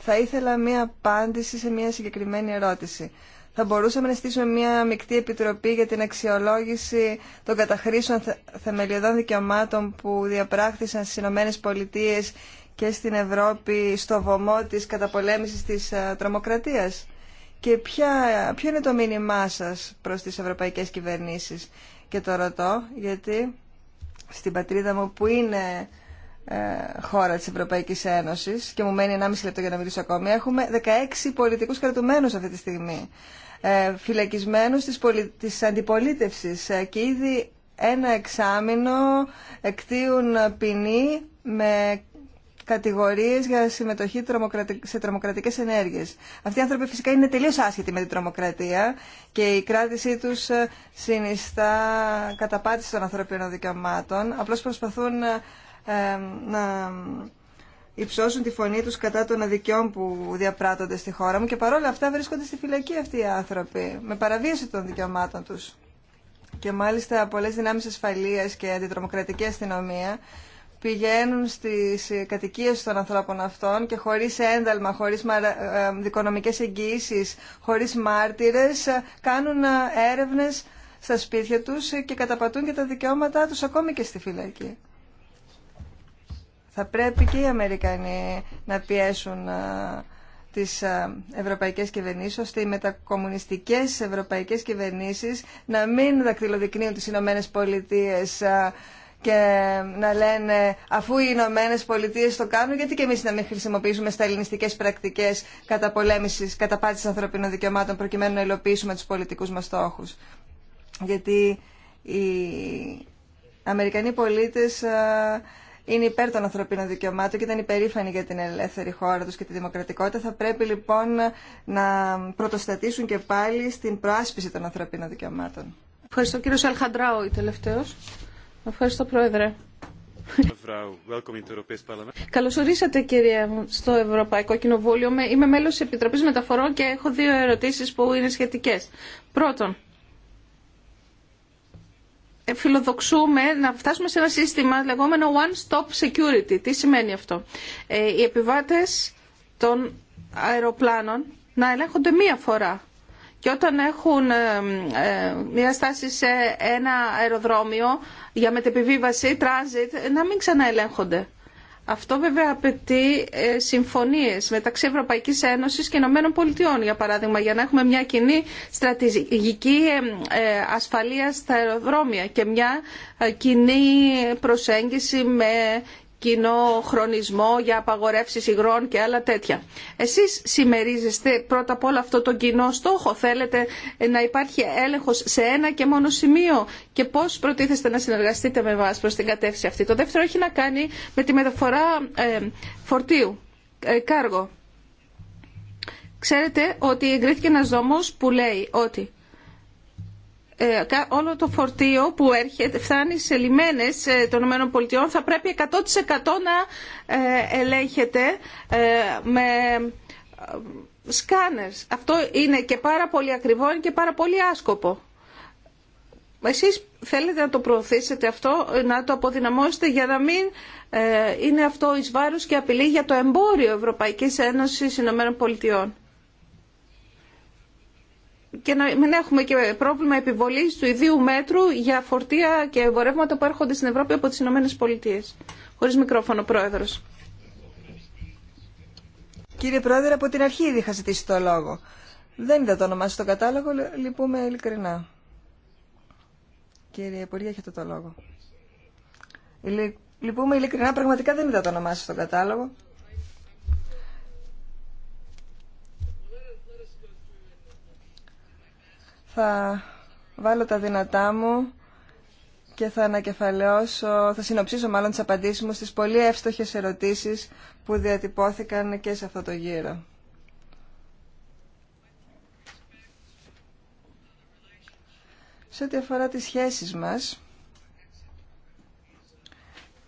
θα ήθελα μία απάντηση σε μία συγκεκριμένη ερώτηση. Θα μπορούσαμε να στήσουμε μία μεικτή επιτροπή για την αξιολόγηση των καταχρήσεων θεμελιωδών δικαιωμάτων που διαπράχθησαν στις Ηνωμένε Πολιτείες και στην Ευρώπη στο βωμό της καταπολέμησης της ε, τρομοκρατίας και ποια, ποιο είναι το μήνυμά σας προς τις ευρωπαϊκές κυβερνήσεις. Και το ρωτώ γιατί στην πατρίδα μου που είναι ε, χώρα της Ευρωπαϊκής Ένωσης και μου μένει 1,5 λεπτό για να μιλήσω ακόμη, έχουμε 16 πολιτικούς κρατουμένους αυτή τη στιγμή, ε, φυλακισμένους της, αντιπολίτευσης ε, και ήδη ένα εξάμεινο εκτίουν ποινή με Κατηγορίε για συμμετοχή σε τρομοκρατικέ ενέργειε. Αυτοί οι άνθρωποι φυσικά είναι τελείω άσχετοι με την τρομοκρατία και η κράτησή του ε, συνιστά καταπάτηση των ανθρωπίνων δικαιωμάτων. απλώ προσπαθούν ε, να υψώσουν τη φωνή τους κατά των αδικιών που διαπράττονται στη χώρα μου και παρόλα αυτά βρίσκονται στη φυλακή αυτοί οι άνθρωποι με παραβίαση των δικαιωμάτων τους. Και μάλιστα πολλές δυνάμεις ασφαλείας και αντιτρομοκρατική αστυνομία πηγαίνουν στις ε, κατοικίες των ανθρώπων αυτών και χωρίς ένταλμα, χωρίς ε, ε, δικονομικές εγγυήσεις, χωρίς μάρτυρες, κάνουν έρευνες στα σπίτια τους και καταπατούν και τα δικαιώματά τους ακόμη και στη φυλακή. Θα πρέπει και οι Αμερικανοί να πιέσουν τις ευρωπαϊκές κυβερνήσεις, ώστε οι μετακομμουνιστικές ευρωπαϊκές κυβερνήσεις να μην δακτυλοδεικνύουν τις Ηνωμένε Πολιτείες και να λένε αφού οι Ηνωμένε Πολιτείε το κάνουν, γιατί και εμεί να μην χρησιμοποιήσουμε στα ελληνιστικέ πρακτικέ κατά πάτηση ανθρωπίνων δικαιωμάτων προκειμένου να υλοποιήσουμε του πολιτικού μα στόχου. Γιατί οι Αμερικανοί πολίτε ε, είναι υπέρ των ανθρωπίνων δικαιωμάτων και ήταν υπερήφανοι για την ελεύθερη χώρα του και τη δημοκρατικότητα. Θα πρέπει λοιπόν να πρωτοστατήσουν και πάλι στην προάσπιση των ανθρωπίνων δικαιωμάτων. Ευχαριστώ κύριο Αλχαντράου, τελευταίος. Ευχαριστώ, Πρόεδρε. Καλώς
ορίσατε κυρία μου στο Ευρωπαϊκό Κοινοβούλιο. Είμαι μέλος τη Επιτροπής Μεταφορών και έχω δύο ερωτήσεις που είναι σχετικές. Πρώτον, ε, φιλοδοξούμε να φτάσουμε σε ένα σύστημα λεγόμενο one-stop security. Τι σημαίνει αυτό. Ε, οι επιβάτες των αεροπλάνων να ελέγχονται μία φορά και όταν έχουν ε, ε, μια στάση σε ένα αεροδρόμιο για μετεπιβίβαση, transit, να μην ξαναελέγχονται. Αυτό βέβαια απαιτεί ε, συμφωνίες μεταξύ Ευρωπαϊκής Ένωσης και Ηνωμένων Πολιτειών, για παράδειγμα, για να έχουμε μια κοινή στρατηγική ασφαλεία στα αεροδρόμια και μια κοινή προσέγγιση με κοινό χρονισμό για απαγορεύσεις υγρών και άλλα τέτοια. Εσείς συμμερίζεστε πρώτα απ' όλα αυτό το κοινό στόχο. Θέλετε να υπάρχει έλεγχος σε ένα και μόνο σημείο και πώς προτίθεστε να συνεργαστείτε με εμάς προς την κατεύθυνση αυτή. Το δεύτερο έχει να κάνει με τη μεταφορά ε, φορτίου, ε, κάργο. Ξέρετε ότι εγκρίθηκε ένας δόμος που λέει ότι ε, όλο το φορτίο που έρχεται, φτάνει σε λιμένες ε, των ΗΠΑ θα πρέπει 100% να ε, ελέγχεται με σκάνερς. Αυτό είναι και πάρα πολύ ακριβό, και πάρα πολύ άσκοπο. Εσείς θέλετε να το προωθήσετε αυτό, να το αποδυναμώσετε για να μην είναι αυτό εις βάρος και απειλή για το εμπόριο Ευρωπαϊκής Ένωσης Ηνωμένων Πολιτειών και να μην έχουμε και πρόβλημα επιβολής του ιδίου μέτρου για φορτία και εμπορεύματα που έρχονται στην Ευρώπη από τι Ηνωμένε Πολιτείες. Χωρίς μικρόφωνο, Πρόεδρος.
Κύριε Πρόεδρε, από την αρχή ήδη είχα ζητήσει το λόγο. Δεν είδα το όνομά στο κατάλογο, λυπούμε ειλικρινά. Κύριε Υπουργέ, έχετε το λόγο. Λυπούμε ειλικρινά, πραγματικά δεν είδα το όνομά στο κατάλογο. θα βάλω τα δυνατά μου και θα ανακεφαλαιώσω, θα συνοψίσω μάλλον τις απαντήσεις μου στις πολύ εύστοχες ερωτήσεις που διατυπώθηκαν και σε αυτό το γύρο. Σε ό,τι αφορά τις σχέσεις μας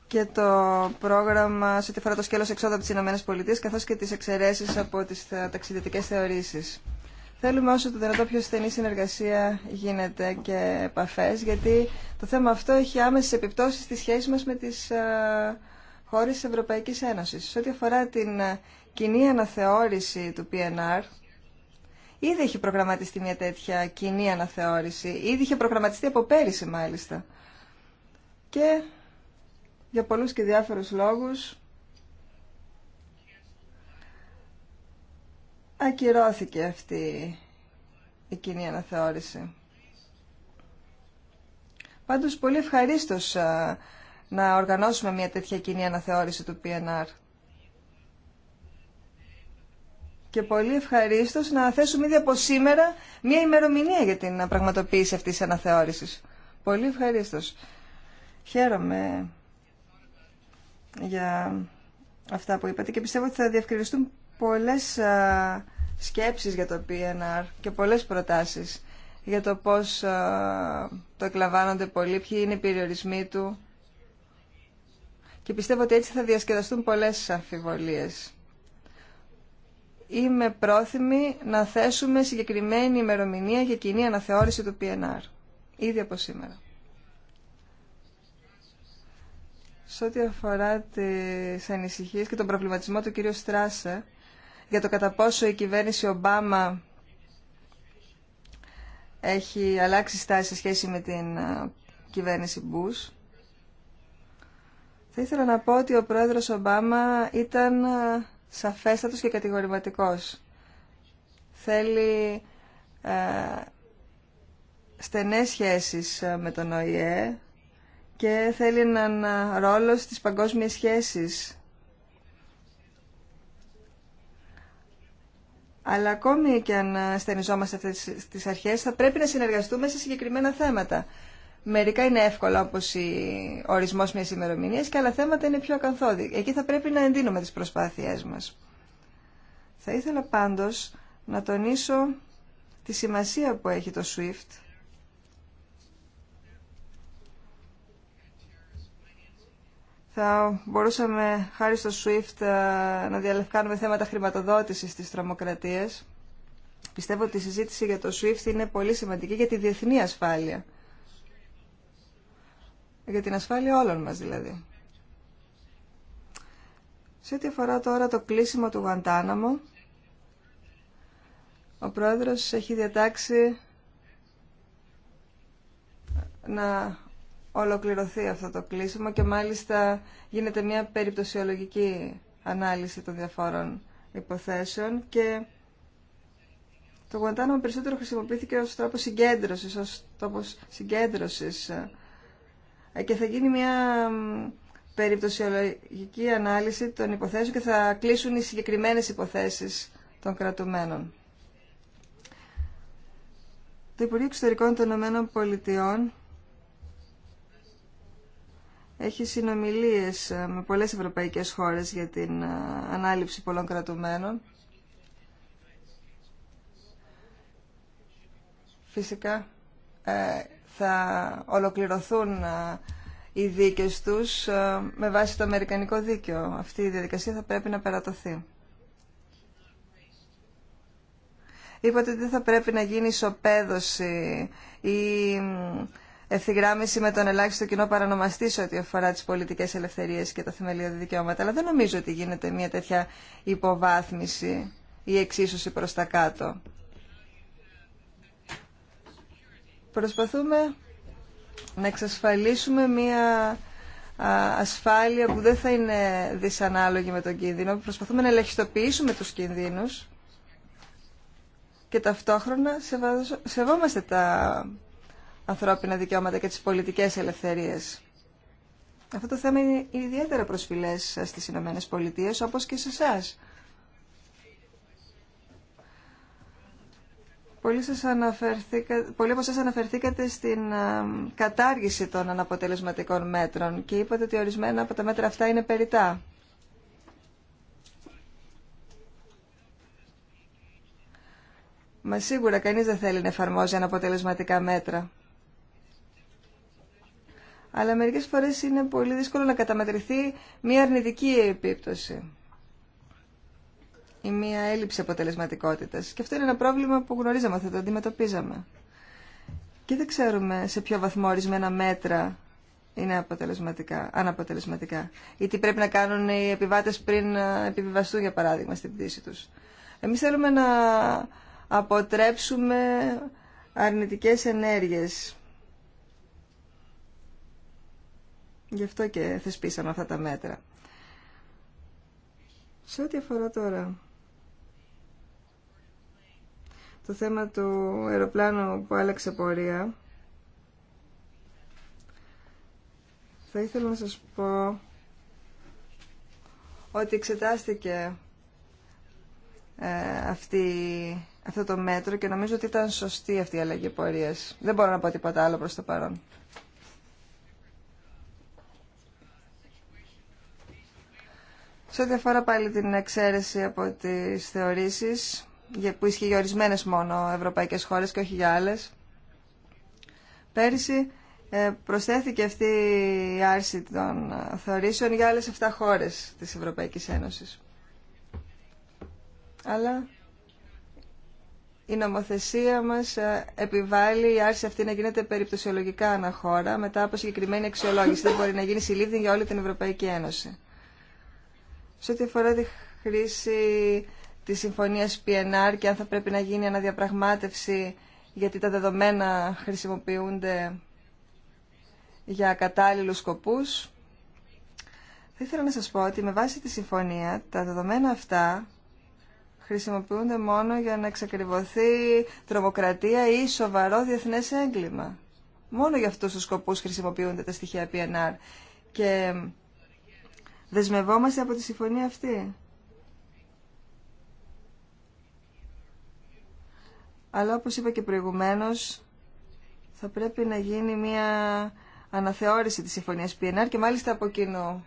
και το πρόγραμμα σε ό,τι αφορά το σκέλος εξόδου από τις ΗΠΑ καθώς και τις εξαιρέσεις από τις ταξιδιωτικές θεωρήσεις. Θέλουμε όσο το δυνατό πιο στενή συνεργασία γίνεται και επαφέ, γιατί το θέμα αυτό έχει άμεσε επιπτώσει στη σχέση μας με τις ε, χώρες τη Ευρωπαϊκής Ένωσης. Σε ό,τι αφορά την ε, κοινή αναθεώρηση του PNR, ήδη έχει προγραμματιστεί μια τέτοια κοινή αναθεώρηση. Ήδη είχε προγραμματιστεί από πέρυσι μάλιστα. Και για πολλούς και διάφορους λόγους ακυρώθηκε αυτή η κοινή αναθεώρηση. Πάντως πολύ ευχαρίστως να οργανώσουμε μια τέτοια κοινή αναθεώρηση του PNR. Και πολύ ευχαρίστω να θέσουμε ήδη από σήμερα μια ημερομηνία για την πραγματοποίηση αυτής της αναθεώρησης. Πολύ ευχαρίστω. Χαίρομαι για αυτά που είπατε και πιστεύω ότι θα διευκρινιστούν πολλές σκέψεις για το PNR και πολλές προτάσεις για το πώς το εκλαμβάνονται πολλοί, ποιοι είναι οι περιορισμοί του. Και πιστεύω ότι έτσι θα διασκεδαστούν πολλές αμφιβολίες. Είμαι πρόθυμη να θέσουμε συγκεκριμένη ημερομηνία για κοινή αναθεώρηση του PNR. Ήδη από σήμερα. Σε ό,τι αφορά τις ανησυχίες και τον προβληματισμό του κ. Στράσε, για το κατά πόσο η κυβέρνηση Ομπάμα έχει αλλάξει στάση σε σχέση με την ε, κυβέρνηση Μπούς. Θα ήθελα να πω ότι ο πρόεδρος Ομπάμα ήταν ε, σαφέστατος και κατηγορηματικός. Θέλει ε, στενές σχέσεις ε, με τον ΟΗΕ και θέλει έναν ρόλο στις παγκόσμιες σχέσεις Αλλά ακόμη και αν στενιζόμαστε αυτέ τις αρχές, θα πρέπει να συνεργαστούμε σε συγκεκριμένα θέματα. Μερικά είναι εύκολα, όπω ο ορισμός μιας ημερομηνία και άλλα θέματα είναι πιο ακαθόδη. Εκεί θα πρέπει να εντείνουμε τις προσπάθειε μας. Θα ήθελα πάντως να τονίσω τη σημασία που έχει το SWIFT θα μπορούσαμε χάρη στο SWIFT ε, να διαλευκάνουμε θέματα χρηματοδότησης της τρομοκρατίας. Πιστεύω ότι η συζήτηση για το SWIFT είναι πολύ σημαντική για τη διεθνή ασφάλεια. Για την ασφάλεια όλων μας δηλαδή. Σε ό,τι αφορά τώρα το κλείσιμο του Γουαντάναμο, ο πρόεδρος έχει διατάξει να ολοκληρωθεί αυτό το κλείσιμο και μάλιστα γίνεται μια περιπτωσιολογική ανάλυση των διαφόρων υποθέσεων και το Γουαντάναμο περισσότερο χρησιμοποιήθηκε ως τρόπο συγκέντρωσης, ως συγκέντρωσης ε, και θα γίνει μια περιπτωσιολογική ανάλυση των υποθέσεων και θα κλείσουν οι συγκεκριμένες υποθέσεις των κρατουμένων. Το Υπουργείο Εξωτερικών των Ηνωμένων Πολιτειών έχει συνομιλίες ε, με πολλές ευρωπαϊκές χώρες για την ε, ανάληψη πολλών κρατουμένων. Φυσικά ε, θα ολοκληρωθούν οι δίκες τους με βάση το αμερικανικό δίκαιο. Αυτή η διαδικασία θα πρέπει να περατωθεί. Είπατε ότι δεν θα πρέπει να γίνει ισοπαίδωση ή ευθυγράμμιση με τον ελάχιστο κοινό παρανομαστή σε ό,τι αφορά τι πολιτικέ ελευθερίε και τα θεμελιώδη δικαιώματα. Αλλά δεν νομίζω ότι γίνεται μια τέτοια υποβάθμιση ή εξίσωση προ τα κάτω. Προσπαθούμε να εξασφαλίσουμε μια ασφάλεια που δεν θα είναι δυσανάλογη με τον κίνδυνο. Προσπαθούμε να ελεγχιστοποιήσουμε τους κινδύνους και ταυτόχρονα σεβόμαστε τα ανθρώπινα δικαιώματα και τις πολιτικές ελευθερίες. Αυτό το θέμα είναι ιδιαίτερα προσφυλές στις Ηνωμένες Πολιτείες, όπως και σε εσά. Πολλοί, σας αναφερθήκα, πολλοί από σας αναφερθήκατε στην ε, κατάργηση των αναποτελεσματικών μέτρων και είπατε ότι ορισμένα από τα μέτρα αυτά είναι περιτά. Μα σίγουρα κανείς δεν θέλει να εφαρμόζει αναποτελεσματικά μέτρα αλλά μερικές φορές είναι πολύ δύσκολο να καταμετρηθεί μία αρνητική επίπτωση ή μία έλλειψη αποτελεσματικότητας. Και αυτό είναι ένα πρόβλημα που γνωρίζαμε, θα το αντιμετωπίζαμε. Και δεν ξέρουμε σε ποιο βαθμό ορισμένα μέτρα είναι αποτελεσματικά, αναποτελεσματικά. Ή τι πρέπει να κάνουν οι επιβάτες πριν ε, επιβιβαστούν, για παράδειγμα, στην πτήση τους. Εμείς θέλουμε να αποτρέψουμε αρνητικές ενέργειες Γι' αυτό και θεσπίσαμε αυτά τα μέτρα. Σε ό,τι αφορά τώρα το θέμα του αεροπλάνου που άλλαξε πορεία, θα ήθελα να σας πω ότι εξετάστηκε ε, αυτή, αυτό το μέτρο και νομίζω ότι ήταν σωστή αυτή η αλλαγή πορείας. Δεν μπορώ να πω τίποτα άλλο προς το παρόν. Σε ό,τι αφορά πάλι την εξαίρεση από τι θεωρήσεις, που ισχύει για ορισμένε μόνο ευρωπαϊκέ χώρε και όχι για άλλε. πέρυσι ε, προσθέθηκε αυτή η άρση των θεωρήσεων για άλλε 7 χώρε τη Ευρωπαϊκή Ένωση. Αλλά η νομοθεσία μα ε, επιβάλλει η άρση αυτή να γίνεται περιπτωσιολογικά αναχώρα μετά από συγκεκριμένη αξιολόγηση. Δεν μπορεί να γίνει συλλήφθη για όλη την Ευρωπαϊκή Ένωση. Σε ό,τι αφορά τη χρήση τη συμφωνία PNR και αν θα πρέπει να γίνει αναδιαπραγμάτευση γιατί τα δεδομένα χρησιμοποιούνται για κατάλληλου σκοπούς. Θα ήθελα να σας πω ότι με βάση τη συμφωνία τα δεδομένα αυτά χρησιμοποιούνται μόνο για να εξακριβωθεί τρομοκρατία ή σοβαρό διεθνές έγκλημα. Μόνο για αυτούς τους σκοπούς χρησιμοποιούνται τα στοιχεία PNR. Και Δεσμευόμαστε από τη συμφωνία αυτή. Αλλά όπως είπα και προηγουμένως, θα πρέπει να γίνει μια αναθεώρηση της συμφωνίας PNR και μάλιστα από κοινού.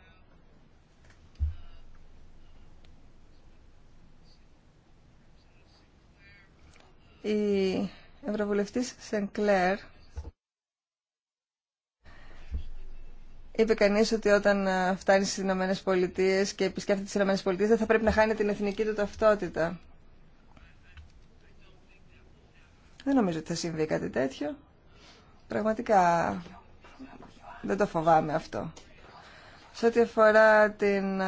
Η Ευρωβουλευτής Σενκλέρ Είπε κανεί ότι όταν ε, φτάνει στι Ηνωμένε Πολιτείε και επισκέφτεται τι Ηνωμένε Πολιτείε δεν θα πρέπει να χάνει την εθνική του ταυτότητα. Δεν νομίζω ότι θα συμβεί κάτι τέτοιο. Πραγματικά δεν το φοβάμαι αυτό. Σε ό,τι αφορά την ε,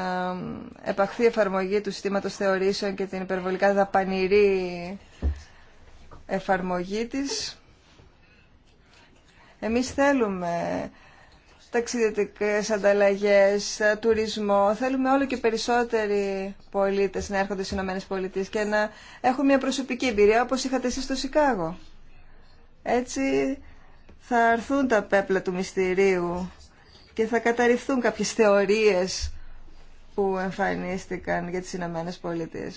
επαχθή εφαρμογή του συστήματος θεωρήσεων και την υπερβολικά δαπανηρή εφαρμογή της, εμείς θέλουμε ταξιδιωτικές ανταλλαγές, ε, τουρισμό. Θέλουμε όλο και περισσότεροι πολίτες να έρχονται στις ΗΠΑ και να έχουν μια προσωπική εμπειρία όπως είχατε εσείς στο Σικάγο. Έτσι θα αρθούν τα πέπλα του μυστηρίου και θα καταρριφθούν κάποιες θεωρίες που εμφανίστηκαν για τις ΗΠΑ. Πολιτείε.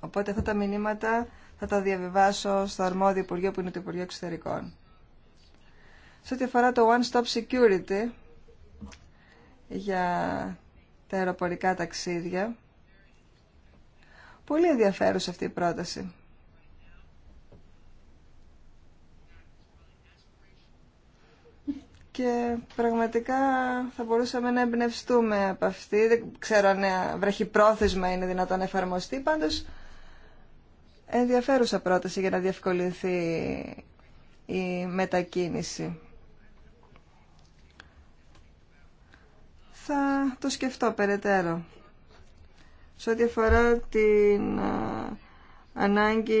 Οπότε αυτά τα μηνύματα θα τα διαβιβάσω στο αρμόδιο Υπουργείο που είναι το Υπουργείο Εξωτερικών. Σε ό,τι αφορά το One Stop Security για τα αεροπορικά ταξίδια, πολύ ενδιαφέρουσα αυτή η πρόταση. και πραγματικά θα μπορούσαμε να εμπνευστούμε από αυτή. Δεν ξέρω αν βραχυπρόθεσμα είναι δυνατόν να εφαρμοστεί, πάντως ενδιαφέρουσα πρόταση για να διευκολυνθεί η μετακίνηση. θα το σκεφτώ περαιτέρω. Σε ό,τι αφορά την ανάγκη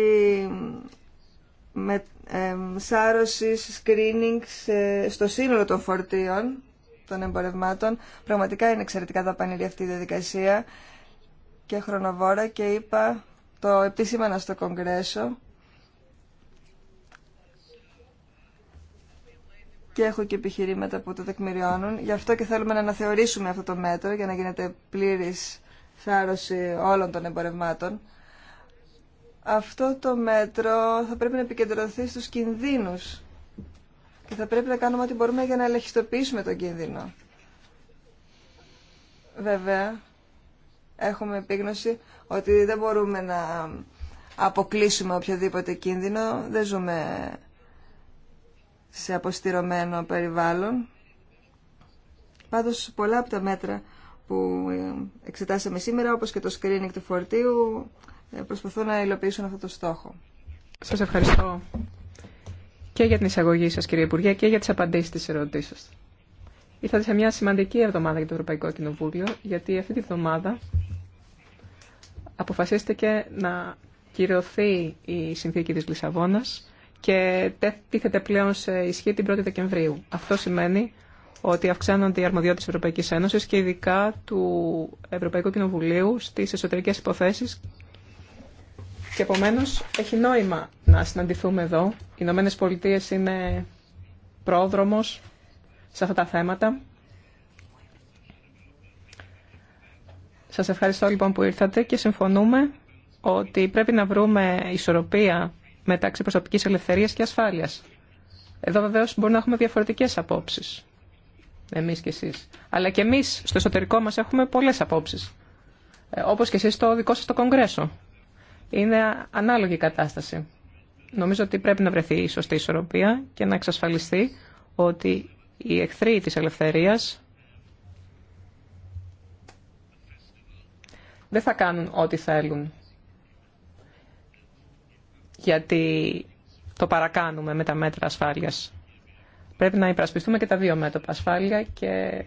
με, ε, σάρωσης, screening στο σύνολο των φορτίων των εμπορευμάτων. Πραγματικά είναι εξαιρετικά δαπανηρή αυτή η διαδικασία και χρονοβόρα και είπα το επίσημα στο Κογκρέσο και έχω και επιχειρήματα που το δεκμηριώνουν. Γι' αυτό και θέλουμε να αναθεωρήσουμε αυτό το μέτρο για να γίνεται πλήρης θάρρωση όλων των εμπορευμάτων. Αυτό το μέτρο θα πρέπει να επικεντρωθεί στους κινδύνους και θα πρέπει να κάνουμε ό,τι μπορούμε για να ελεγχιστοποιήσουμε τον κίνδυνο. Βέβαια, έχουμε επίγνωση ότι δεν μπορούμε να αποκλείσουμε οποιοδήποτε κίνδυνο. Δεν ζούμε σε αποστηρωμένο περιβάλλον. Πάντως πολλά από τα μέτρα που ε, εξετάσαμε σήμερα, όπως και το screening του φορτίου, ε, προσπαθούν να υλοποιήσουν αυτό το στόχο. Σας
ευχαριστώ και για την εισαγωγή σας κύριε Υπουργέ και για τις απαντήσεις της ερωτήσεις σας. Ήρθατε σε μια σημαντική εβδομάδα για το Ευρωπαϊκό Κοινοβούλιο, γιατί αυτή τη εβδομάδα αποφασίστηκε να κυρωθεί η συνθήκη της Λισαβόνας και τίθεται πλέον σε ισχύ την 1η Δεκεμβρίου. Αυτό σημαίνει ότι αυξάνονται οι αρμοδιότητε τη Ευρωπαϊκή Ένωση και ειδικά του Ευρωπαϊκού Κοινοβουλίου στι εσωτερικέ υποθέσει. και επομένω έχει νόημα να συναντηθούμε εδώ. Οι Ηνωμένε Πολιτείε είναι πρόδρομο σε αυτά τα θέματα. Σας ευχαριστώ λοιπόν που ήρθατε και συμφωνούμε ότι πρέπει να βρούμε ισορροπία μεταξύ προσωπική ελευθερία και ασφάλειας. Εδώ βεβαίω μπορούμε να έχουμε διαφορετικές απόψεις, εμείς και εσείς. Αλλά και εμείς στο εσωτερικό μας έχουμε πολλές απόψεις, ε, όπως και εσείς στο δικό σα το Κογκρέσο. Είναι ανάλογη η κατάσταση. Νομίζω ότι πρέπει να βρεθεί η σωστή ισορροπία και να εξασφαλιστεί ότι οι εχθροί της ελευθερίας δεν θα κάνουν ό,τι θέλουν γιατί το παρακάνουμε με τα μέτρα ασφάλειας. Πρέπει να υπρασπιστούμε και τα δύο μέτωπα, ασφάλεια και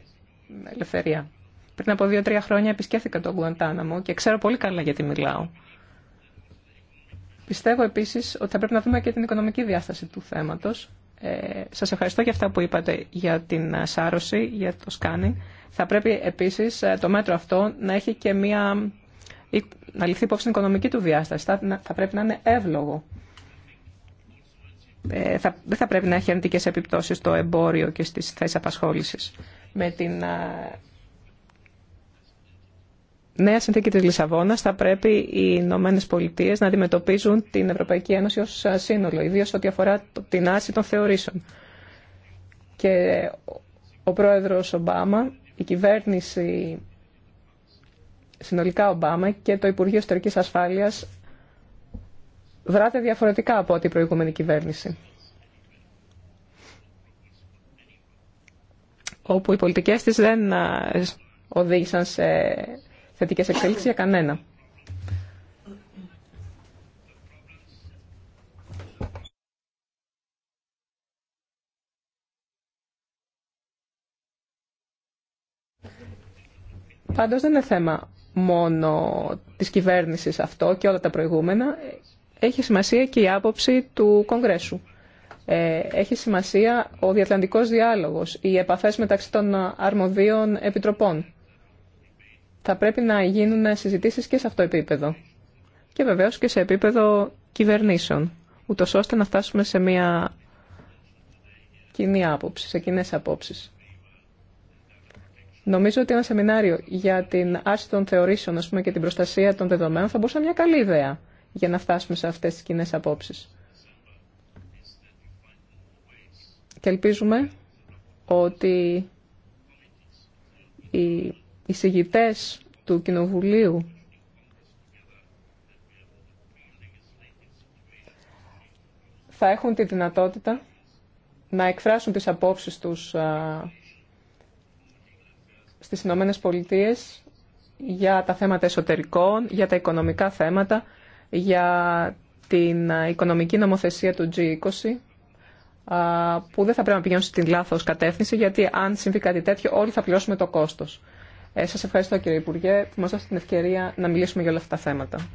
ελευθερία. Πριν από δύο-τρία χρόνια επισκέφθηκα τον Γκουαντάναμο και ξέρω πολύ καλά γιατί μιλάω. Πιστεύω επίσης ότι θα πρέπει να δούμε και την οικονομική διάσταση του θέματος. Ε, σας ευχαριστώ για αυτά που είπατε για την σάρωση, για το σκάνι. Θα πρέπει επίση ε, το μέτρο αυτό να έχει και μία να ληφθεί υπόψη την οικονομική του διάσταση. Θα πρέπει να είναι εύλογο. Ε, δεν θα πρέπει να έχει αρνητικές επιπτώσεις στο εμπόριο και στις θέσεις απασχόλησης. Με την νέα συνθήκη της Λισαβόνας θα πρέπει οι Ηνωμένε Πολιτείε να αντιμετωπίζουν την Ευρωπαϊκή Ένωση ως σύνολο, ιδίως ό,τι αφορά την άση των θεωρήσεων. Και ο πρόεδρος Ομπάμα, η κυβέρνηση συνολικά Ομπάμα και το Υπουργείο Ιστορικής Ασφάλειας βράται διαφορετικά από ό,τι προηγούμενη κυβέρνηση. Όπου οι πολιτικές της δεν οδήγησαν σε θετικές εξέλιξεις για κανένα. Πάντως δεν είναι θέμα μόνο της κυβέρνησης αυτό και όλα τα προηγούμενα. Έχει σημασία και η άποψη του Κογκρέσου. Ε, έχει σημασία ο διατλαντικός διάλογος, οι επαφές μεταξύ των αρμοδίων επιτροπών. Θα πρέπει να γίνουν συζητήσεις και σε αυτό επίπεδο. Και βεβαίως και σε επίπεδο κυβερνήσεων, ούτως ώστε να φτάσουμε σε μια κοινή άποψη, σε κοινέ απόψεις. Νομίζω ότι ένα σεμινάριο για την άρση των θεωρήσεων πούμε, και την προστασία των δεδομένων θα μπορούσε μια καλή ιδέα για να φτάσουμε σε αυτές τις κοινέ απόψεις. Και ελπίζουμε ότι οι εισηγητές του Κοινοβουλίου θα έχουν τη δυνατότητα να εκφράσουν τις απόψεις τους στις Ηνωμένε Πολιτείε για τα θέματα εσωτερικών, για τα οικονομικά θέματα, για την ε, οικονομική νομοθεσία του G20 που δεν θα πρέπει να πηγαίνουν στην λάθος κατεύθυνση γιατί αν συμβεί κάτι τέτοιο όλοι θα πληρώσουμε το κόστος. Ε, σας ευχαριστώ κύριε Υπουργέ που μας δώσετε την ευκαιρία να μιλήσουμε για όλα αυτά τα θέματα.